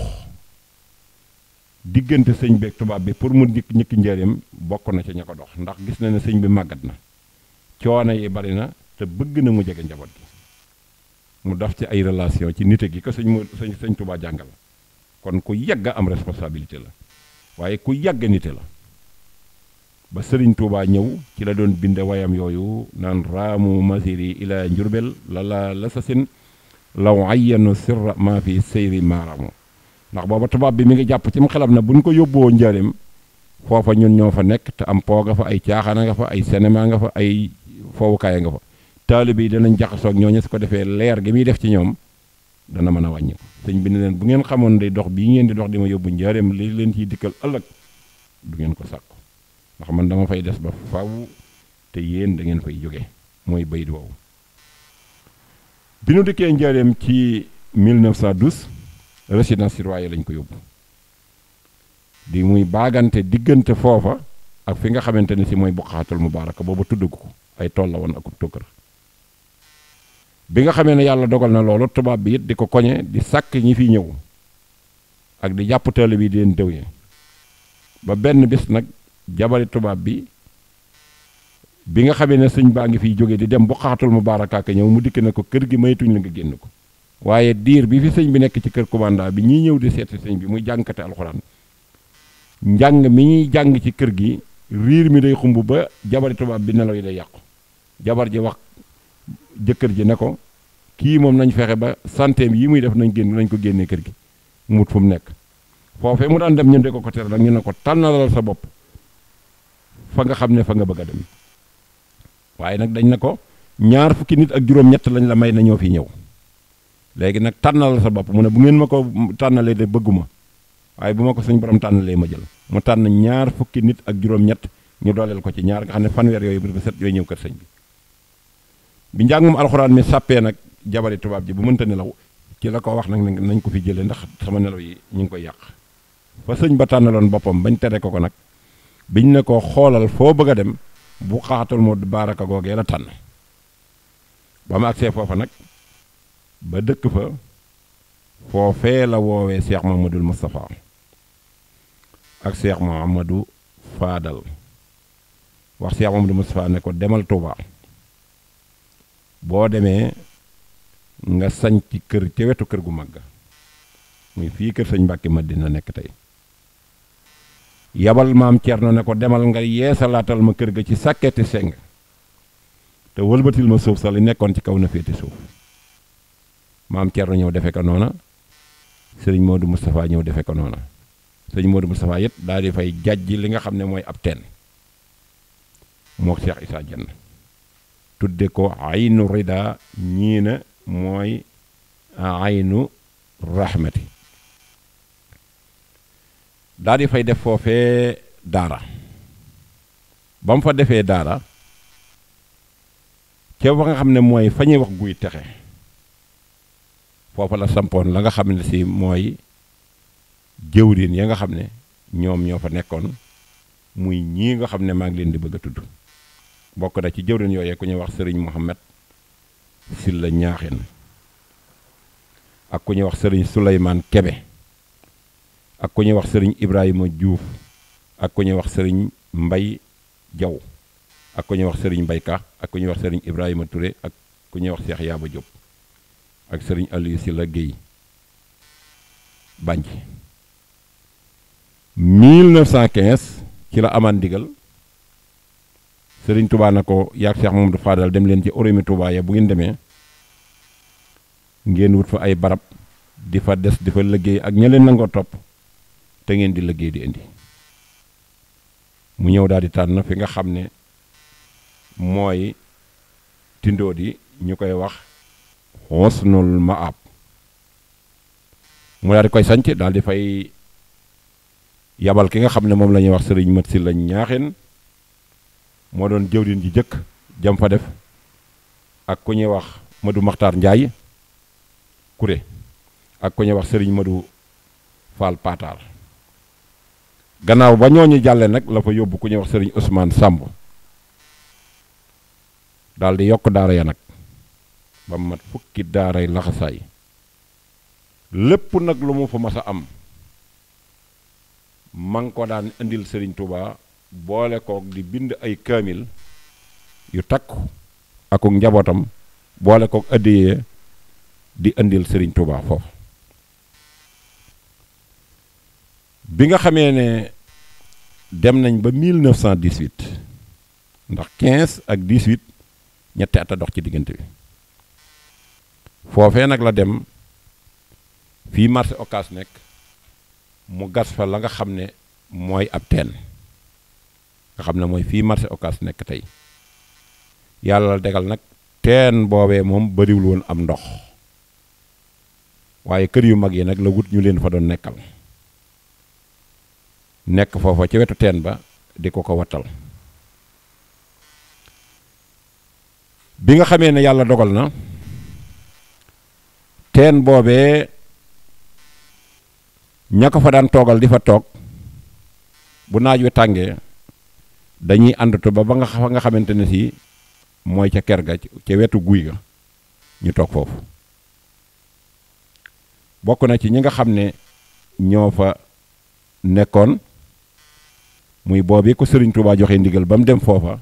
diggante sëñ beeg tubaab bi pour mu dikk ñëkki njëriñam na ca ña ko dox ndax gis na ne sëñ bi màggat na coono yi bari na te bëgg na mu jege njaboot gi mu daf ci ay relation ci nite gi ko sëñ sëñ sëñ tubaa jàngal kon ku yàgg am responsabilité la waaye ku yàgg la ba sëriñ tuubaa ñëw ci la doon binde wayam yooyu naan raamu masiri ila njurbel la la la sasin law ayyanu sirra maa fi seyri maaramu ndax booba tubaab bi mi ngi jàpp ci mu xelam na buñ ko yóbbuwoo njaareem foofa ñun ñoo fa nekk te am pooga fa ay caaxaana nga fa ay cinéma nga fa ay foowukaaya nga fa taalibe yi danañ jaxasoo ak ñooñu su ko defee leer gi muy def ci ñoom dana mën a wàññi sëñ bi ne leen bu ngeen xamoon day dox bii ngeen di dox di ma yóbbu njaareem lii leen ciy dikkal ëllëg du ngeen ko sàkku ndax man dama fay des ba faw te yéen da ngeen fay jóge mooy bayit woowu bi nu dikkee njaareem ci 1912 résidence surveillée lañ ko yóbbu di muy baagante diggante foofa ak fi nga xamante ne si mooy buqaatul mubaaraka boobu tudd ko ay tool la won ak ub tukkar bi nga xamee ne yàlla dogal na loolu tubaab bi it di ko koñe di sàkk ñi fi ñëw ak di jàpp taali bi di leen dëwee ba benn bis nag jabari tubaab bi bi nga xamee ne sëñ baa ngi fiy jóge di dem bu xaatul mu baarakaaka ñëw mu dikk na ko kër gi maytuñ la ngi génn ko waaye diir bi fi sëñ bi nekk ci kër commanda bi ñiy ñëw di seeti sëñ bi muy jàngkate alxuraan njàng mi ñuy jàng ci kër gi riir mi day xumb ba jabari tubaab bi nelaw yi day yàqu jabar ji jëkkër ji ne ko kii moom nañ fexe ba santeem yi muy def nañ génn nañ ko génnee kër gi mu wut fu mu nekk foofee mu daan dem ñun de ko ko teral nag ñu ne ko tànnalal sa bopp fa nga xam ne fa nga bëgg a dem waaye nag dañ ne ko ñaar fukki nit ak juróom-ñett lañ la may na ñoo fi ñëw léegi nag tànnalal sa bopp mu ne bu ngeen ma ko tànnalee de bëgguma waaye bu ma ko suñ borom tànnalee ma jël mu tànn ñaar fukki nit ak juróom-ñett ñu dooleel ko ci ñaar nga xam yooyu bu set ñëw kër sëñ bi bi njàngum alxuraan mi sàppee nag jabari tubaab ji bu mënta nelaw ci la ko wax nag nañ ko fi jëlee ndax sama nelaw yi ñu ngi koy yàq fa sëñ ba tànnaloon boppam bañ tere ko ko nag biñ ne ko xoolal foo bëgg a dem bu xaatul moo baaraka googee la tànn ba mu agsee foofa nag ba dëkk fa foofee la woowee ma Cheikh Mamadou Moustapha ak Cheikh Mamadou Fadal wax Cheikh Mamadou Moustapha ne ko demal Touba boo demee nga sañ ci kër ca wetu kër gu mag ga fii kër sañ sëñ ma dina nekk tey yabal maam Cerno ne ko demal nga yeesalaatal ma kër ga ci sàkketi seng te wëlbatil ma suuf sa li nekkoon ci kaw na féete suuf maam Cerno ñëw defe ko noona sëriñ Modou Moustapha ñëw defe ko noona sëriñ Modou Moustapha it daal di fay ji li nga xam ne mooy ab teen moo Cheikh Issa Dienne tudde ko aynu rida ñii na mooy aynu rahmati daal di fay def foofee daara ba mu fa defee daara ca fa nga xam ne mooy fa ñuy wax guy texe foofa la sampoon la nga xam ne si mooy jëwriin ya nga xam ne ñoom ñoo fa nekkoon muy ñii nga xam ne maa ngi leen di bëgg a tudd bokk na ci jëwrin yooyee ku ñuy wax sëriñ Mohamed Silla ñaaxin ak ku ñuy wax sëriñ Souleymane Kebe ak ku ñuy wax sëriñ Ibrahima Diouf ak ku ñuy wax sëriñ Mbay Jaw ak ku ñuy wax sëriñ Mbayka ak ku ñuy wax sëriñ Ibrahima Touré ak ku ñuy wax Seex Yaaba Diop ak sëriñ Aliou Silla Guèye Banji 1915 ci la amaan ndigal Serigne Touba na ko yaag Cheikh Mamadou Fadal dem leen ci oromi Touba ya bu ngeen demee ngeen wut fa ay barab di fa des di fa liggéey ak ña leen nangoo topp te ngeen di liggéey di indi mu ñëw daal di tànn fi nga xam ne mooy tindoo di ñu koy wax xosnul maab mu daal di koy sanc daal di fay yabal ki nga xam ne moom lañuy wax sëriñ mat si la ñaaxin moo doon jëwriñ ji jëkk jam fa def ak ku ñuy wax Madou Makhtar Ndiaye kure ak ku ñuy wax Serigne Madou Fall Patar gannaaw ba ñooñu jàlle nag la fa yóbbu ku ñuy wax Serigne Ousmane Samb daal di yokk daara ya nag ba mat fukki daaray laxasaay lépp nag lu mu fa mas a am ma ko daan indil Serigne Touba. boole kook di bind ay kaamil yu takku ak njabootam boole kook addiyee di indil sëriñ Touba foofu bi nga xamee ne dem nañ ba 1918 ndax 15 ak 18 ñetti at a dox ci diggante bi foofee nag la dem fii marché Ocass nekk mu gas fa la nga xam ne mooy ab teen nga xam ne mooy fii marché Ocass nekk tey yàlla degal nag teen boobee moom bëriwul woon am ndox waaye kër yu mag yi nag la wut ñu leen fa doon nekkal nekk foofa ci wetu teen ba di ko ko wattal bi nga xamee ne yàlla dogal na teen boobee ña fa daan toogal di fa toog bu naaj wi tàngee dañuy àndatu ba ba nga fa nga xamante ne sii mooy ca ker ga ca wetu guy ga ñu toog foofu bokk na ci ñi nga xam ne ñoo fa nekkoon muy boobi ko Serigne Touba joxe ndigal ba mu dem foofa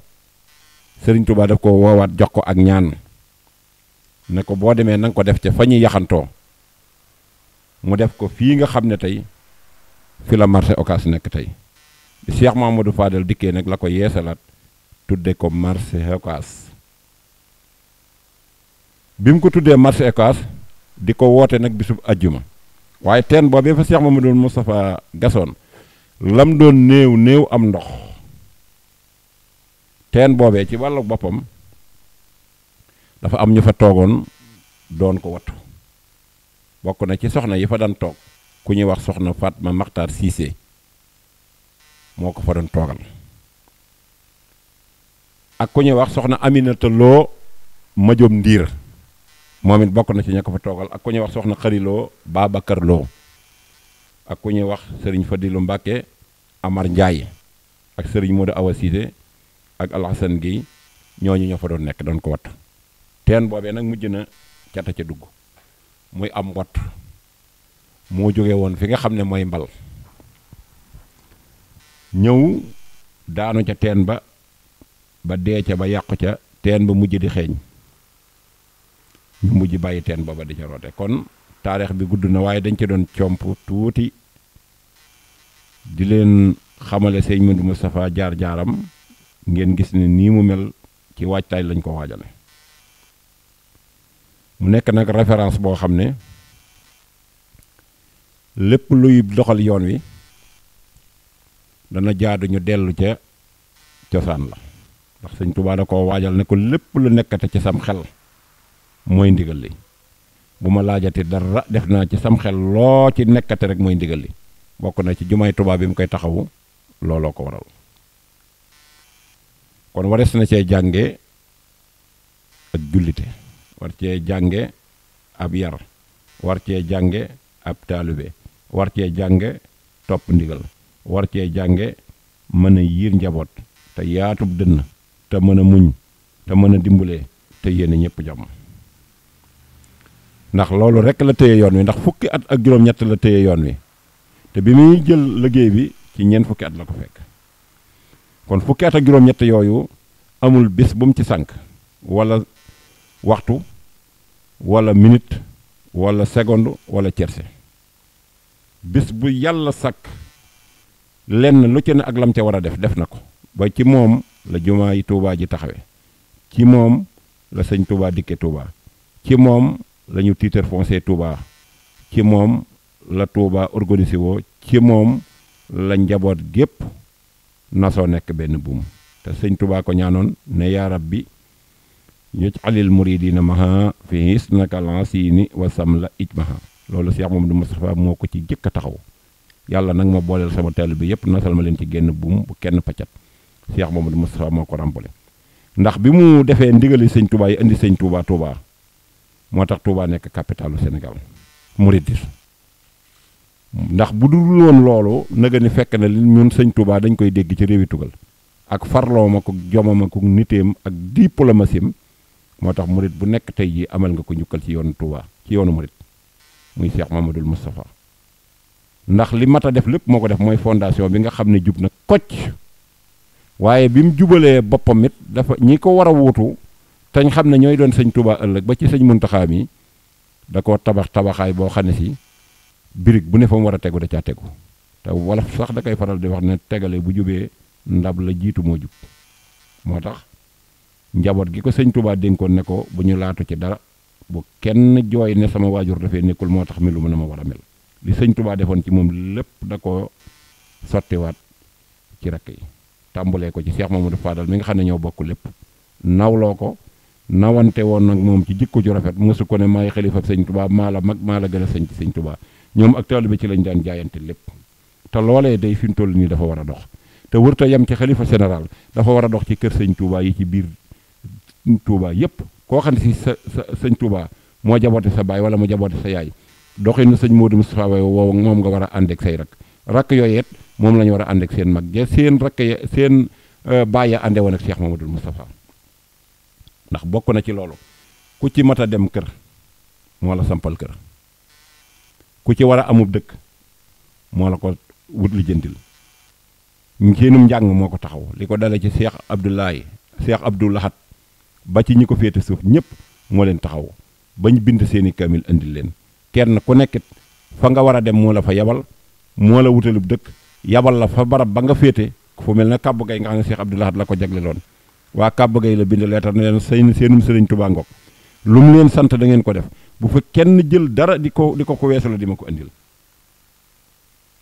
Serigne Touba daf ko woowaat jox ko ak ñaan ne ko boo demee na ko def ca fa ñuy yaxantoo mu def ko fii nga xam ne tey fi la marché Ocass nekk tey. bi Cheikh Mamadou Fadel dikkee nag la ko yeesalaat tudde ko marché Ocass bi mu ko tuddee marché Ocass di ko woote nag bisub ajjuma waaye teen boobee fa Cheikh doon Moustapha gasoon lam doon néew néew am ndox teen boobee ci wàllu boppam dafa am ñu fa toogoon doon ko wattu bokk na ci soxna yi fa daan toog ku ñuy wax soxna Fatma Makhtar Cissé moo ko fa doon toogal ak ku ñuy wax soxna Aminata Loo Majoom Ndiir moom it bokk na ci ña ko fa toogal ak ku ñuy wax soxna Xari Loo Babacar Loo ak ku ñuy wax sëriñ Fadilu Mbàkke Amar Ndiaye ak sëriñ Modou Awa Cissé ak Alxasan Guèye ñooñu ñoo fa doon nekk doon ko wat teen boobee nag mujj na cata ca dugg muy am watt moo jóge woon fi nga xam ne mooy mbal ñëw daanu ca teen ba ba dee ca ba yàqu ca teen ba mujj di xeeñ ñu mujj bàyyi teen ba ba di ca roote kon taarix bi gudd na waaye dañ ci doon comp tuuti di leen xamale sëñ Modou Moustapha jaar-jaaram ngeen gis ni nii mu mel ci waajtaay lañ ko waajale mu nekk nag référence boo xam ne lépp luy doxal yoon wi dana jaadu ñu dellu ca cosaan la ndax sëñ Tuubaa da koo waajal ne ko lépp lu nekkate ci sam xel mooy ndigal li bu ma laajati dara def naa ci sam xel loo ci nekkate rek mooy ndigal li bokk na ci jumaay tubaab yi mu koy taxawu looloo ko waral kon warees na cee jànge ak jullite war cee jànge ab yar war cee jànge ab taalibe war cee jànge topp ndigal war cee jànge mën a yiir njaboot te yaatub dënn te mën a muñ te mën a dimbalee te yéene ñëpp jàmm ndax loolu rek la téye yoon wi ndax fukki at ak juróom-ñett la téye yoon wi te bi muy jël liggéey bi ci ñeent fukki at la ko fekk kon fukki at ak juróom-ñett yooyu amul bis bu mu ci sànk wala waxtu wala minit walla seconde wala cerse bis bu yàlla sakk lenn lu ci ne ak lam ca war a def def na ko ba ci moom la jumaa yi Touba ji taxawee ci moom la sëñ Touba dikke Touba ci moom la ñu titre foncier Touba ci moom la Touba organisé woo ci moom la njaboot gépp nasoo nekk benn buum te sëñ Touba ko ñaanoon ne yaa rabbi yëj alil muridina maha fi his naka lansini wa sam la ij maha loolu Cheikh Mamadou Moustapha moo ko ci jëkk a taxaw yàlla nag ma booleel sama teel bi yëpp nasal ma leen ci génn buum bu kenn paccat ma Mamadou Moustapha moo ko ràmbale ndax bi mu defee ndigali sëñ Touba yi indi sëñ Touba Touba moo tax Touba nekk capitalu Sénégal Mouridis ndax bu du woon loolu naga fekk na li mun sëñ Touba dañ koy dégg ci réewi tugal ak farloom ak jomam ak niteem ak diplomasim moo tax murit bu nekk tey jii amal nga ko njukkal ci yoonu Touba ci yoonu murit muy Cheikh Mamadou Moustapha ndax li mat a def lépp moo ko def mooy fondation bi nga xam ne jub na kocc waaye bi mu jubalee boppam it dafa ñi ko war a wuutu tañ xam ne ñooy doon sëñ Touba ëllëg ba ci sëñ Muntaxa mi da ko tabax tabaxaay boo xam ne si birig bu ne fa mu war a tegu da caa tegu te wala sax da koy faral di wax ne tegale bu jubee ndab la jiitu moo jub moo tax njaboot gi ko sëñ Touba dénkoon ne ko bu ñu laatu ci dara bu kenn jooy ne sama waajur dafee nekkul moo tax melu ma na ma war a mel di sëñ tubaa defoon ci moom lépp da ko sottiwaat ci rakk yi ko ci Cheikh Mamadou Fadal mi nga xam ne ñoo bokk lépp nawloo ko nawante woon nag moom ci jikko ju rafet mosu ko ne maay xalifa sëñ tubaa maa la mag maa la gën a sëñ ci sëñ Tuubaa ñoom ak ci lañ daan jaayante lépp te loolee day fi mu toll nii dafa war a dox te wërta yem ci xalifa général dafa war a dox ci kër sëñ yi ci biir Tuubaa yépp koo xam ne si sa sa sëñ Tuubaa moo jaboote sa baay wala mu jaboote sa yaay doxinu sëñ Modou Moustapha Baye woow moom nga war a ànd ak say rakk rakk yooyu moom lañu war a ànd seen mag ja seen rakk ya seen euh, baay ya ànde seex moom Cheikh Mamadou Moustapha ndax bokk na ci loolu ku ci mat a dem kër moo la sampal kër ku ci war a amub dëkk moo la ko wut li jëndil seenum njàng moo ko taxaw li ko dale ci Cheikh Abdoulaye Cheikh Abdou Lahat ba ci ñi ko féete suuf ñëpp moo leen taxaw ba bañ bind seeni kaamil andil leen kenn ku nekkit fa nga war a dem moo la fa yabal moo la wutalub dëkk yabal la fa barab ba nga féete ku fu mel ne kàbb gay nga xam ne Cheikh Abdou Lahad la ko jagleloon waa kàbb gay la bind leetar ne leen seen seenum sëriñ Tuubaa ngoog lu mu leen sant da ngeen ko def bu fa kenn jël dara di ko di ko ko weesu la di ma ko indil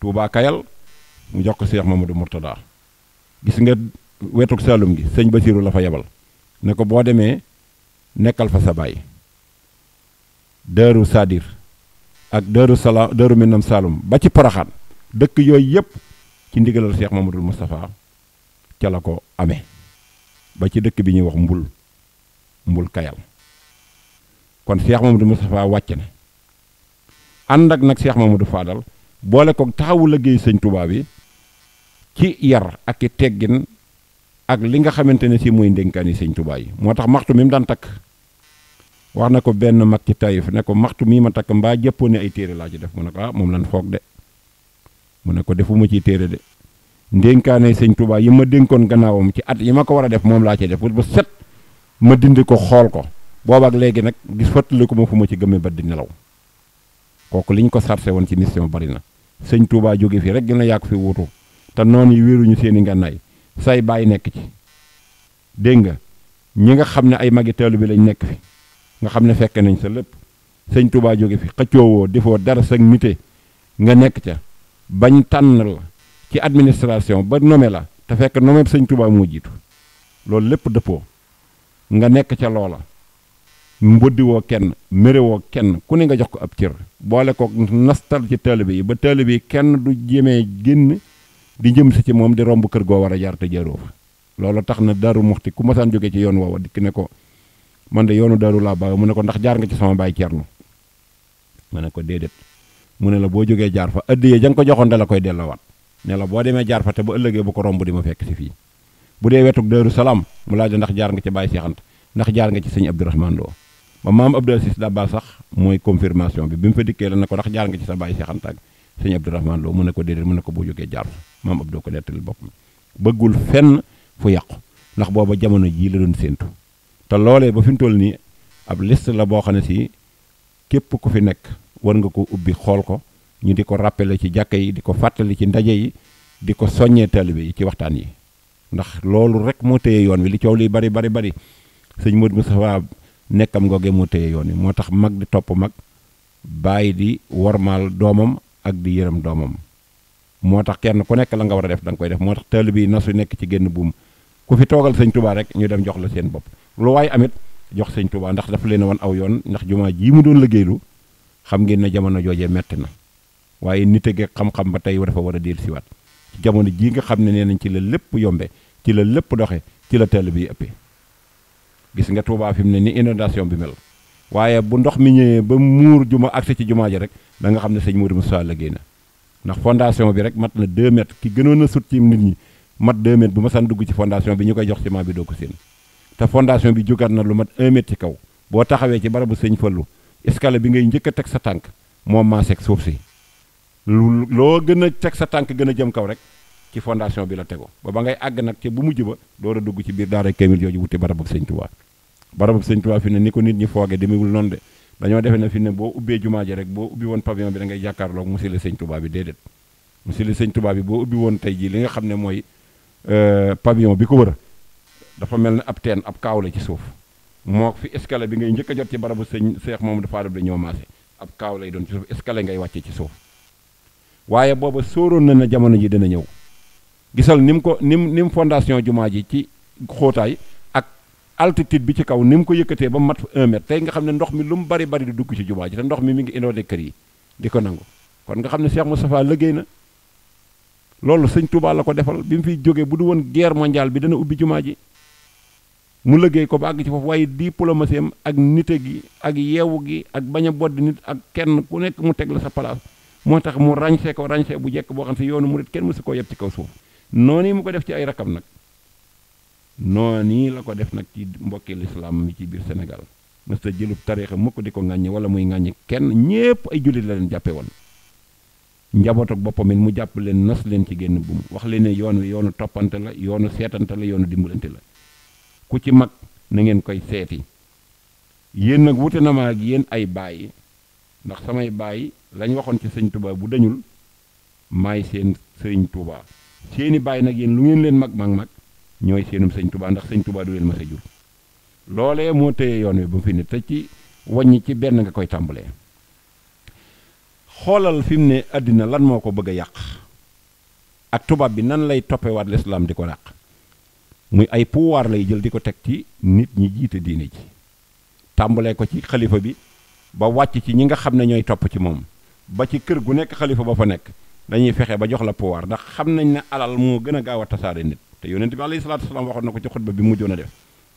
Tuubaa Kayal mu jox ko Cheikh Mamadou Mourtada gis nga wetuk Saalum gi sëñ Basiiru la fa yabal ne ko boo demee nekkal fa sa baay Daaru Sadir ak Daaru Salaam Daaru Minam Saalum ba ci Poroxaan dëkk yooyu yëpp ci ndigalal Cheikh Mamadou Moustapha ca la ko ame ba ci dëkk bi ñuy wax mbul mbul kayal kon Cheikh Mamadou Moustapha wàcc na ànd ak nag Cheikh Mamadou Fadal boole ko taxawu liggéey sëñ Tuubaa bi ci yar ak i teggin ak li nga xamante ne si mooy ndénkaan yi sëñ Tuubaa yi moo tax maxtu mi mu daan takk wax na ko benn mag ci tayif ne ko maxtu mii ma takk mbaa jëppoon ne ay téere laa ci def mu ne ko ah moom lan foog de mu ne ko defuma ciy téere de ndénkaane sëñ Tuubaa yi ma dénkoon gannaawam ci at yi ma ko war a def moom laa ciy def ba set ma dindi ko xool ko boobaak léegi nag di fàttaliku ma fu ma ci gëmme ba di nelaw kooku ñu ko sarse woon ci mission bari na sëñ Tuubaa jóge fi rek gën a yàgg fi wuutu te noonu yi wéeruñu seen i ngànnaay say bàyyi nekk ci dégg nga ñi nga xam ne ay magi teelu bi lañ nekk fi nga xam ne fekke nañ sa lépp sëñ Touba jóge fi xëccoowoo defoo dara sag nite nga nekk ca bañ tànn la ci administration ba nome la te fekk nome sëñ Touba moo jiitu loolu lépp dëppoo nga nekk ca loola mboddiwoo kenn mérewoo kenn ku ne nga jox ko ab cër boole ko nastal ci taalibe yi ba taalibe yi kenn du jëmee génn di jëm si ci moom di romb kër goo war a jaar te jaaroo fa loolu tax na Daaru Muxti ku masaan jóge ci yoon woowa dikk ne ko man de yoonu daru laa bàyyi mu ne ko ndax jaar nga ci sama baay Cerno ma ne ko déedéet mu ne la boo jógee jaar fa ëddiyee ja nga ko joxoon da la koy delloowaat ne la boo demee jaar fa te bu ëllëgee bu ko romb di ma fekk si fii bu dee wetug Daaru Salaam mu laaj ndax jaar nga ci Baye Seexant ndax jaar nga ci sëñ Abdourahmane Lo ba maam sax mooy confirmation bi bi mu fa dikkee la ne ko ndax jaar nga ci sa baay Seexant ak sëñ Abdourahmane Lo mu ne ko déedéet mu ne ko boo jógee jaar fa maam Abdou ko nettali boppam bëggul fenn fu yàqu ndax booba jamono jii la doon séentu te loolee ba fi mu toll nii ab list la boo xam ne si képp ku fi nekk war nga ko ubbi xool ko ñu di ko rappeler ci jàkka yi di ko fàttali ci ndaje yi di ko soññee taalibe yi ci waxtaan yi ndax loolu rek moo téye yoon wi li coow lii bari bari bari sëñ Modou Moustapha nekkam ngoogee moo téye yoon wi moo tax mag di topp mag bàyyi di wormaal doomam ak di yërëm doomam moo tax kenn ku nekk la nga war a def danga koy def moo tax taalibe yi nasu nekk ci génn buum ku fi toogal sëñ Tuubaa rek ñu dem jox la seen bopp lu waay amit jox sëñ Touba ndax daf leen wan aw yoon ndax jumaa jii mu doon liggéeylu xam ngeen ne jamono joojee metti na waaye nit ak xam-xam ba tey dafa war a dellu siwaat jamono jii nga xam ne nee nañ ci la lépp yombe ci la lépp doxe ci la teel bi ëppee gis nga Touba fi mu ne ni inondation bi mel waaye bu ndox mi ñëwee ba muur juma agsi ci jumaa ji rek da nga xam ne sëñ Modou saa liggéey na ndax fondation bi rek mat na 2 mètres ki gënoon sut ci nit ñi mat 2 mètres bu ma san dugg ci fondation bi ñu koy jox ciment bi doo ko te fondation bi jógaat na lu mat un mètre kaw boo taxawee ci barabu sëñ Fallu escalier bi ngay njëkk a teg sa tànk moom maaseeg suuf si lu loo gën a teg sa tànk gën a jëm kaw rek ci fondation bi la tego ba ba ngay àgg nag ca bu mujj ba door a dugg ci biir daara kamil jooju wuti barabu sëñ Tuubaa barabu sëñ Tuubaa fi ne ni ko nit ñi fooge demewul noonu de dañoo defee ne fi ne boo ubbee jumaa ji rek boo ubbi woon pavillon bi da ngay jàkkaarloog monsieur le sëñ Tuubaa bi déedéet monsieur le sëñ Tuubaa bi boo ubbi woon tey jii li nga xam ne mooy euh, pavillon bi ko wër dafa mel ne ab teen ab kaaw la ci suuf moo fi escalier bi ngay njëkk jot ci barabu sëñ seex moom dafa def dañoo maase ab kaaw lay doon ci suuf escalier ngay wàcce ci suuf waaye booba sóoroon na ne jamono ji dana ñëw gisal ni mu ko ni mu ni mu jumaa ji ci xóotaay ak altitude bi ci kaw ni mu ko yëkkatee ba mat un mètre tey nga xam ne ndox mi lu mu bari bari di dugg ci jumaa ji te ndox mi mi ngi indoode kër yi di ko nangu kon nga xam ne se Moustapha liggéey na sëñ Touba la ko defal bi mu fiy jógee bu du woon guerre mondiale bi dana ubbi jumaa ji mu liggéey ko ba àgg ci foofu waaye diplomatie am ak nite gi ak yeewu gi ak bañ a bodd nit ak kenn ku nekk mu teg la sa place moo tax mu ràñsee ko ràñsee bu jekk boo xam si yoonu mu murit kenn mësu koo yeb ci kaw suuf noonu mu ko def ci ay rakam nag noonu la ko def nag ci mbokki lislaam mi ci biir Sénégal mës ta jëlub tariixa mukk di ko ŋàññi wala muy ŋàññi kenn ñépp ay jullit la leen jàppe woon njaboot ak boppam it mu jàpp leen nas leen ci génn bu wax leen ne yoonu toppante la yoonu seetante la yoonu dimbalante la ku ci mag na ngeen koy seeti yéen nag wute na ma ak yéen ay baay ndax samay baay lañ waxoon ci sëñ Touba bu dañul maay seen sëriñ Touba seeni bàyyi nag yéen lu ngeen leen mag mag mag ñooy seenum sëñ Touba ndax sëñ Touba du leen ma a jur loolee moo téye yoon wi ba fi ne te ci waññi ci benn nga koy tàmbalee xoolal fi mu ne àddina lan moo ko bëgg a yàq ak tubaab bi nan lay toppewaat lislaam di ko dàq muy ay pouvoir lay jël di ko teg ci nit ñi jiite diine ci tàmbalee ko ci xalifa bi ba wàcc ci ñi nga xam ne ñooy topp ci moom ba ci kër gu nekk xalifa ba fa nekk dañuy fexe ba jox la pouvoir ndax xam nañ ne alal moo gën a gaaw a tasaare nit te yonent bi alayhi salaatu waxoon na ko ci xutba bi mujjoon a def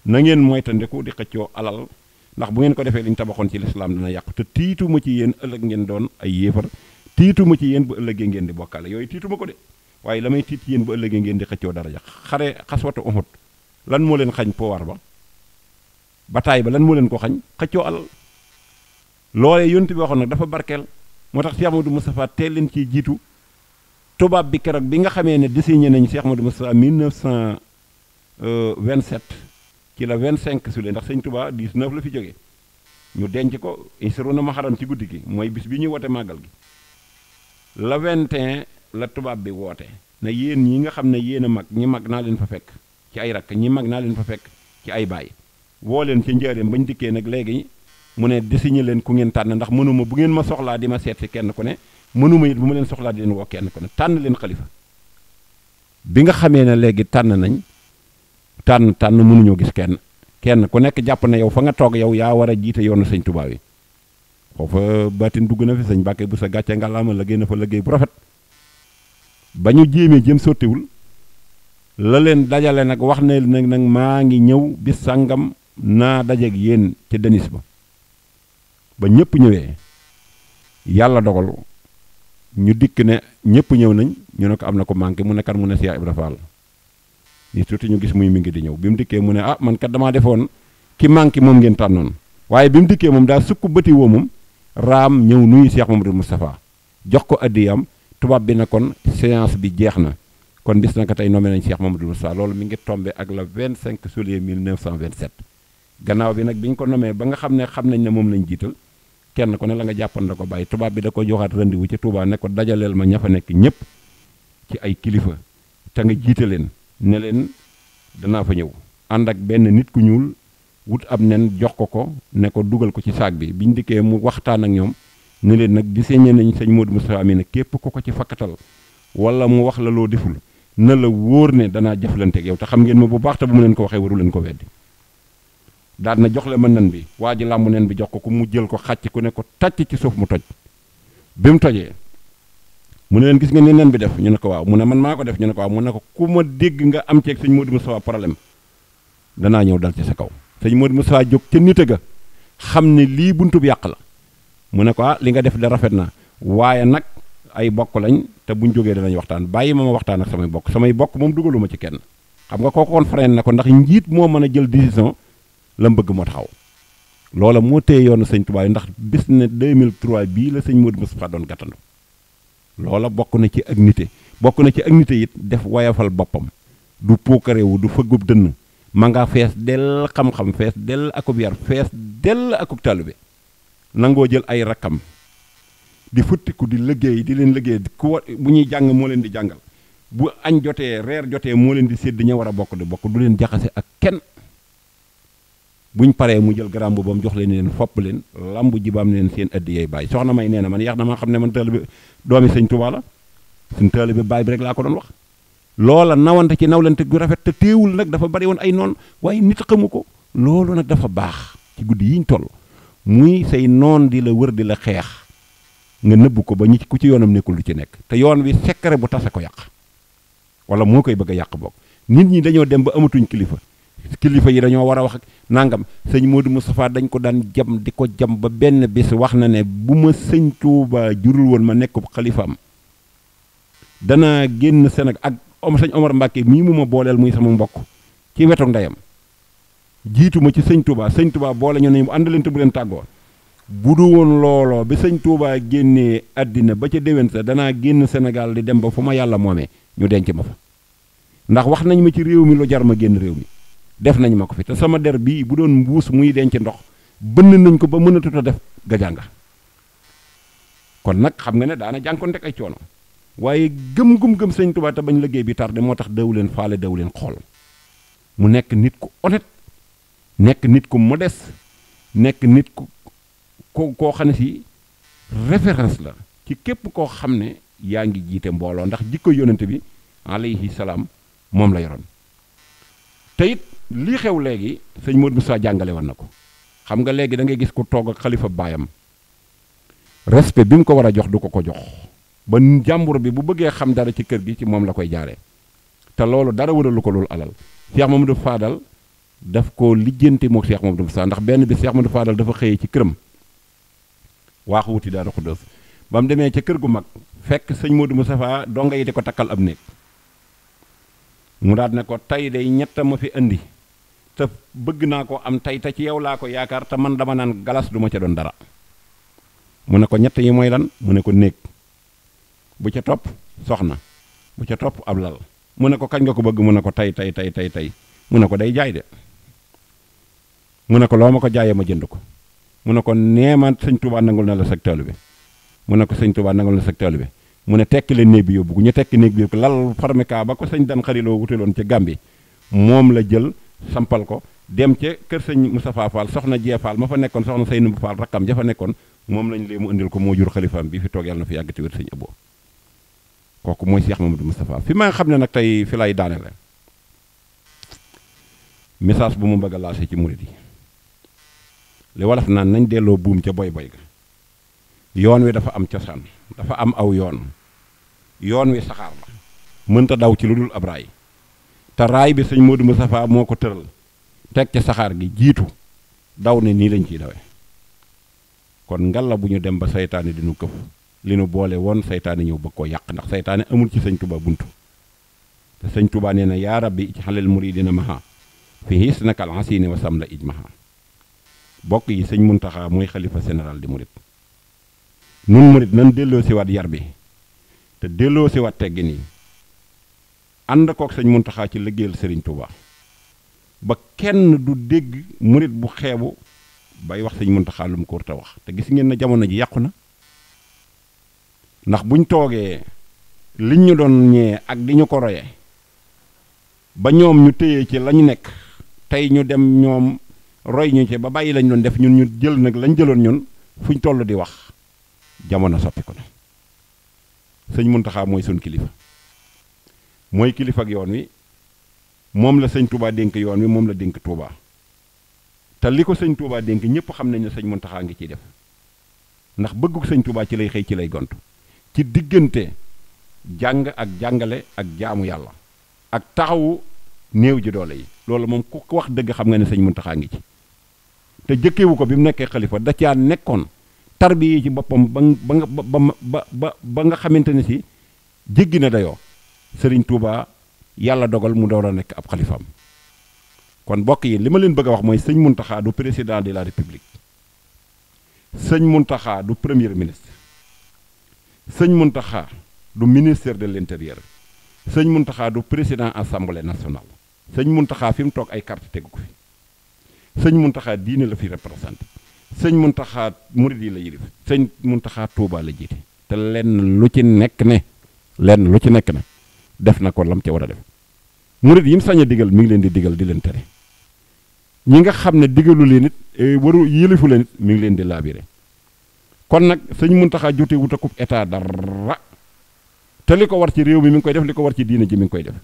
na ngeen moytandiku di xëccoo alal ndax bu ngeen ko defee li ñu tabaxoon ci lislaam dana yàqu te tiitu ma ci yéen ëllëg ngeen doon ay yéefar tiitu ma ci yéen bu ëllëgee ngeen di bokkaale yooyu tiitu ma ko de waaye la may tiit yéen bu ëllëgee ngeen di xëccoo dara ja xare xaswatu Uhud lan moo leen xañ powar ba bataay ba lan moo leen ko xañ xëccoo alal loolee yonent bi waxoon nag dafa barkeel moo tax Cheikh ma Moustapha teel leen ciy jiitu tubaab bi keroog bi nga xamee ne nañ désigné nañu Cheikh Amadou Moustapha 1927 ci la 25 su lee ndax tubaa Touba 19 la fi jógee ñu denc ko insiru na ma xaram ci guddi gi mooy bis bi ñuy wote màggal gi la 21 la tubaab bi woote na yéen ñi nga xam ne yéen a mag ñi mag naa leen fa fekk ci ay rakk ñi mag naa leen fa fekk ci ay baay woo leen ci njëriñ bañ dikkee nag léegi mu ne désigné leen ku ngeen tànn ndax mënuma bu ngeen ma soxlaa di ma seet si kenn ku ne mënuma it bu ma leen soxlaa di leen woo kenn ku ne tànn leen xalifa bi nga xamee ne léegi tànn nañ tànn tànn mënuñoo gis kenn kenn ku nekk jàpp na yow fa nga toog yow yaa war a jiite yoonu sëñ Tuubaa yi foofa baatin dugg na fi sëñ Mbàkke bu sa gàccee ngalaama liggéey na fa liggéey bu rafet ba ñu jéemee jëm sottiwul la leen dajale nag wax ne nag nag maa ngi ñëw bi sàngam naa dajeeg yéen ca denis ba ba ñëpp ñëwee yàlla dogal ñu dikk ne ñëpp ñëw nañ ñu ne ko am na ko manqué mu ne kan mu ne Cheikh Ibra Fall ni surtout ñu gis muy mi di ñëw bi mu dikkee mu ne ah man kat damaa defoon ki manqué moom ngeen tànnoon waaye bi mu dikkee moom daa sukk bëti woo moom raam ñëw nuyu Cheikh Mamadou Moustapha jox ko addiyam tubaab bi na kon séance bi jeex na kon bis na ko tey nommé nañ Cheikh Mamadou Moustapha loolu mi ngi tombé ak le 25 juillet 1927 gannaaw bi nag bi ñu ko nommé ba nga xam ne xam nañ ne moom lañ jiital kenn ku ne la nga jàppan la ko bàyyi tubaab bi da ko joxaat rendez-vous ci Touba ne ko dajaleel ma ña fa nekk ñëpp ci ay kilifa te nga jiite leen ne leen danaa fa ñëw ànd ak benn nit ku ñuul wut ab nen jox ko ko ne ko dugal ko ci saag bi biñ dikkee mu waxtaan ak ñoom. ne leen nag gisee ñe nañ sëñ Modou Moustapha mi nag képp ku ko ci fakkatal wala mu wax la loo deful na la wóor ne danaa jëflanteeg yow te xam ngeen ma bu baax te bu mu leen ko waxee waru leen ko weddi daal na jox le ma nen bi waa ji làmb nen bi jox ko ku mu jël ko xàcc ku ne ko tàcc ci suuf mu toj bi mu tojee mu ne leen gis ngeen ni nen bi def ñu ne ko waaw mu ne man maa ko def ñu ne ko waaw mu ne ko ku ma dégg nga am ceeg sëñ Modou Moustapha problème danaa ñëw dal ci sa kaw sëñ Modou Moustapha jóg ca nite ga xam ne lii buntub yàq la mu ne ko ah li nga def de rafet na waaye nag ay bokk lañ te buñ jógee danañ waxtaan bàyyi ma ma waxtaan ak samay bokk samay bokk moom ma ci kenn xam nga kooku kon freiné na ko ndax njiit moo mën a jël décision la mbëgg moo taxaw loola moo téye yoonu sëñ Tuubaa yi ndax bis ne 2003 bii la sëñ Modou Moustapha doon gàttandu loola bokk na ci ak nite bokk na ci ak nite it def wayafal boppam du puukarewu du fëggub dënn ma nga fees dell xam fees dell akub fees dell akub talube nangoo jël ay rakkam di futtiku di liggéey di leen liggéey ku bu ñuy jàng moo leen di jàngal bu añ jotee reer jotee moo leen di sédd ña war a bokk di bokk du leen jaxase ak kenn buñ paree mu jël garam boobam jox leen leen fopp leen lamb jibaam leen seen ëddi yay bàyyi soxna may nee na man yeex na maa xam ne man taalibe doomi sëñ Tuubaa la suñ taalibe bàyyi bi rek laa ko doon wax loola nawante ci nawlante gu rafet te téewul nag dafa bari woon ay noon waaye nit xamu ko loolu nag dafa baax ci guddi yiñ toll muy say noon di la wër di la xeex nga nëbb ko ba ñi ku ci yoonam nekkul lu ci nekk te yoon wi secret bu tase ko yàq wala moo koy bëgg yàq boog nit ñi dañoo dem ba amatuñ kilifa kilifa yi dañoo war a wax ak nangam sëñ Modou Moustapha dañ ko daan jam di ko jam ba benn bis wax na ne bu ma sëñ Touba jurul woon ma nekk xalifaam dana génn Sénégal ak om sëñ Omar Mbacke mii mu ma booleel muy sama mbokk ci wetu ndeyam jiituma ci sëñ Touba sëñ Touba boole ñu ne mu ànd bu leen tàggoo bu du woon looloo bi sëñ tuubaa génnee àddina ba ca déwén sa danaa génn Sénégal di dem ba fu ma yàlla moomee ñu denc ma fa ndax wax nañ ma ci réew mi lu jar ma génn réew mi def nañ ma ko fi te sama der bii bu doon mbuus muy denc ndox bënn nañ ko ba mënatut a def gajànga kon nag xam nga ne daana jànkonte ay coono waaye gëm-gum-gëm sëñ Touba te bañ liggéey bi tardé moo tax daw leen faale daw leen xool mu nekk nit ku ma des nekk nit ku ko koo xam ne si référence la ci képp koo xam ne yaa ngi jiite mbooloo ndax jikko yonent bi alayhi salaam moom la yoroon te it lii xew léegi sëñ Modou Moussa jàngale woon na ko xam nga léegi da ngay gis ku toog ak xalifa baayam respect bi mu ko war a jox du ko ko jox ba jàmbur bi bu bëggee xam dara ci kër gi ci moom la koy jaaree te loolu dara waralu ko loolu alal Cheikh Mamadou Fadal. daf ko moo mook Cheikh Mamadou saa ndax benn bi seex Cheikh Mamadou Fadal dafa xëye ci këram waaxu wuti Daaru Xuddoos mu demee ca kër gu mag fekk sëñ Modou Moustapha donga yi di ko takkal ab néeg mu daal ne ko tey day ñett ma fi indi te bëgg naa ko am tey te ci yow laa ko yaakaar te man dama naan galas duma ca doon dara mu ne ko ñetta yi mooy lan mu ne ko néeg bu ca topp soxna bu ca topp ab lal mu ne ko kañ nga ko bëgg mu ne ko tey tey tey tey tey mu ne ko day jaay mu ne ko loo ma ko jaayee ma jënd ko mu ne ko neema sëñ Tuubaa nangul na la sag bi mu ne ko sëñ Tuubaa nangul na sag taalibe mu ne tekki leen néeg bi yóbbu ko ñu tekki néeg bi yóbbu ko lal farmeka ba ko sëñ dan xariloo wuteloon ca Gàmbi moom la jël sampal ko dem ca kër sëñ Moustapha Fall soxna Jee Fall ma fa nekkoon soxna Seynou Fall rakkam ja fa nekkoon moom lañ lee mu indil ko moo jur xalifaam bi fi toog yàlla na fi yàgg ci wér sëñ Abo kooku mooy Cheikh Mamadou Moustapha fi ma xam ne nag tey fi lay bu mu bëgg a ci murid yi li wolof naan nañ delloo buum ca boy boy ga yoon wi dafa am cosaan dafa am aw yoon yoon wi saxaar la mënta daw ci lu dul ab raay te raay bi sëñ Modou safaa moo ko tëral teg ci saxaar gi jiitu daw ne nii lañ ciy dawe kon ngalla bu ñu dem ba seytaane dinu nu këf li nu boole woon seytaane ñëw bëgg koo yàq ndax saytaane amul ci sëñ Touba buntu te sëñ Touba nee na yaa rabbi ijxalal muridina maha fi his nakal hasini wa sam la ij maha bokk yi sëñ Muntaxa mooy xalifa général di murit nun murit nan delloo siwaat yar bi te delloo siwaat teggin yi ànd kook sëñ muntaxaa ci liggéeyal sëriñ Touba ba kenn du dégg murit bu xeebu bay wax sañ Muntaxa lu ko war wax te gis ngeen ne jamono ji yàqu na ndax buñ toogee liñ ñu doon ñee ak di ñu ko roye ba ñoom ñu téye ci lañu nekk tey ñu dem ñoom roy ñu ci ba bàyyi lañ doon def ñun ñu jël nag lañ jëloon ñun fuñ toll di wax jamono soppiku na sëñ Muntaxa mooy sun kilifa mooy kilifa yoon wi moom la sëñ Touba dénk yoon wi moom la dénk tuubaa te li ko sëñ Touba dénk ñëpp xam nañ ne sëñ Muntaxa ngi ciy def ndax bëgguk sëñ Touba ci lay xëy ci lay gont ci diggante jàng ak jàngale ak jaamu yàlla ak taxawu néew ji doole yi loolu moom ku wax dëgg xam nga ne sëñ muntaxaa ngi ci te jëkkewu ko bi mu nekkee xalifa da caa nekkoon tarbiye ci boppam ba nga ba ba ba ba nga xamante ne si jéggi na dayoo sëriñ Touba yàlla dogal mu door a nekk ab xalifaam kon bokk yi li ma leen bëgg a wax mooy sëñ Muntaxa du président de la république sëñ Muntaxa du premier ministre sëñ Muntaxa du ministère de l'intérieur sëñ Muntaxa du président assemblée nationale sëñ Muntaxa fi mu toog ay carte tegu ko fi sëñ mun Muntaxa diine la fi représenté sëñ Muntaxa murid yi la yërif sëñ Muntaxa Touba la jiite te lenn lu ci nekk ne lenn lu ci nekk ne def na ko lam ca war a def murid yi mu sañ digal mi ngi leen di digal di leen tere ñi nga xam ne digalu leen it e, waru yëlifu leen it mi ngi leen di laabire kon nag sëñ mun taxaa wut akub état dara te li ko war ci réew mi mi ngi koy def li ko war ci diine ji mi ngi koy def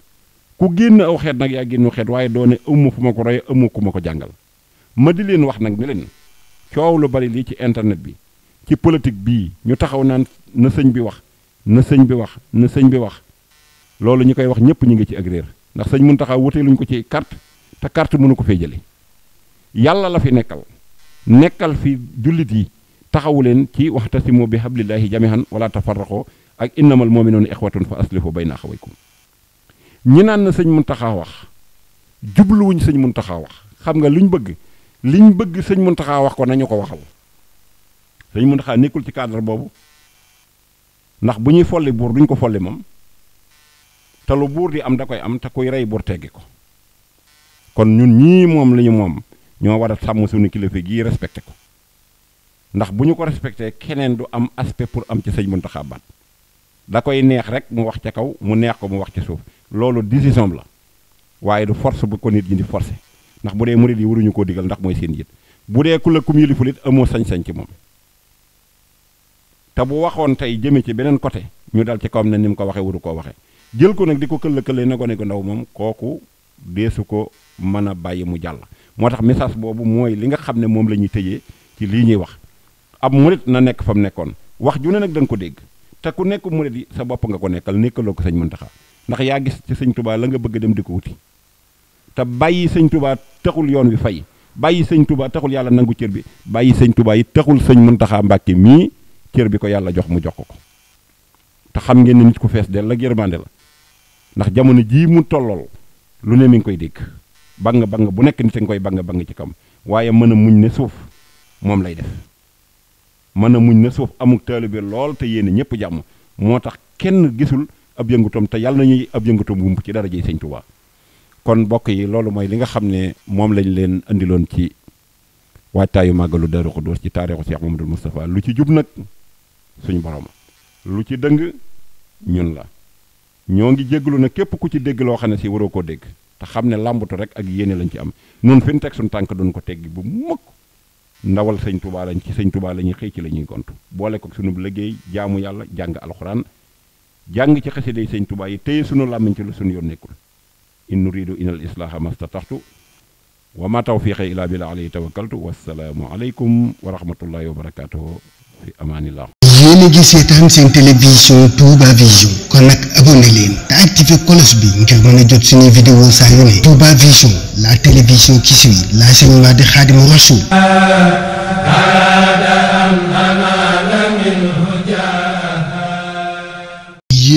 ku génn aw xeet nag yaa génnu xeet waaye doone ëmma fu ma ko roye ëmma ku ma ko jàngal ma di leen wax nag ne leen coow lu bari lii ci internet bi ci politique bii ñu taxaw naan na sëñ bi wax na sëñ bi wax na sëñ bi wax loolu ñu koy wax ñëpp ñu ngi ci ak réer ndax sëñ mun Muntaxa wuteeluñ ko ci carte te carte mënu ko fee jële yàlla la fi nekkal nekkal fi jullit yi taxawu leen ci waxtasimu bi hablillahi jamihan wala tafarraqo ak innamal mu'minuuna ixwatun fa aslihu bayna axawaykum ñi naan na sëñ Muntaxa wax jubluwuñ sëñ Muntaxa wax xam nga lu ñu bëgg liñ bëgg sëñ Muntaxa wax ko nañu ko waxal sëñ Muntaxa nekkul ci cadre boobu ndax bu ñuy folli buur duñ ko folli moom te lu buur di am da koy am te kuy rey buur teggi ko kon ñun ñii moom li ñu moom ñoo war a sàmm suñu kilifa gii respecté ko ndax bu ñu ko respecté keneen du am aspect pour am ci sëñ Muntaxa baat da koy neex rek mu wax ca kaw mu neex ko mu wax ci suuf loolu décision la waaye du force bu ko nit ñi di forcé ndax bu dee murid yi waruñu koo digal ndax mooy seen yit bu dee ku la kum li it amoo sañ-sañ ci moom te bu waxoon tey jëme ci beneen côté ñu dal ci kawam na ni mu ko waxee waru koo waxee jël ko nag di ko këll këllee na ko ne ko ndaw moom kooku deesu ko mën a bàyyi mu jàll moo tax message boobu mooy li nga xam ne moom la ñuy tëjee ci lii ñuy wax ab murit na nekk fa mu nekkoon wax ju ne nag da ko dégg te ku nekk murit yi sa bopp nga ko nekkal nekkaloo ko sëñ Muntaxa ndax yaa gis ci sëñ tubaa la nga bëgg dem di ko wuti te bàyyi sëñ tubaa taxul yoon wi fay bàyyi sëñ tubaa taxul yàlla nangu cër bi bàyyi sëñ tubaa yi taxul sëñ mun Muntaxa Mbàkke mii cër bi ko yàlla jox mu jox ko ko te xam ngeen ne nit ku fees del la yërmande la ndax jamono jii mu tollool lu ne mi ngi koy dégg bang bang bu nekk nit a ngi koy bang bang ci kam waaye mën a muñ ne suuf moom lay def mën a muñ ne suuf amuk taalibe lool te yéene ñëpp jàmm moo tax kenn gisul ab yëngutoom te yàlla nañuy ab yëngutoom wump ci dara ji sëñ Tuubaa kon mbokk yi loolu mooy li nga xam ne moom lañ leen indiloon ci waajtaayu màggalu Daaru Xudoos ci taarixu Cheikh Mamadou Moustapha lu ci jub nag suñu borom lu ci dëng ñun la ñoo ngi jégalu nag képp ku ci dégg loo xam ne si waroo koo dégg te xam ne làmbatu rek ak yéene lañ ci am noonu fi ñu teg suñu tànk doon ko teggi bu mukk ndawal sëñ Tuubaa lañ ci sëñ Tuubaa la ñuy xëy ci la ñuy gont boole ko suñu liggéey jaamu yàlla jàng alxuraan jàng ci xasida yi sëñ Tuubaa yi téye sunu làmmiñ ci sunu yoon nekkul in nuridu inal islaaha mastataxtu ma tawfiqe ila billah alayhi tawakkaltu wassalaamu aleykum wa rahmatullahi wa fi amaanillah a bi ngir mën a jot suñuy vidéo saa ne Touba Vision la télévision qui suit l'enseignement de Khadimou Rassoul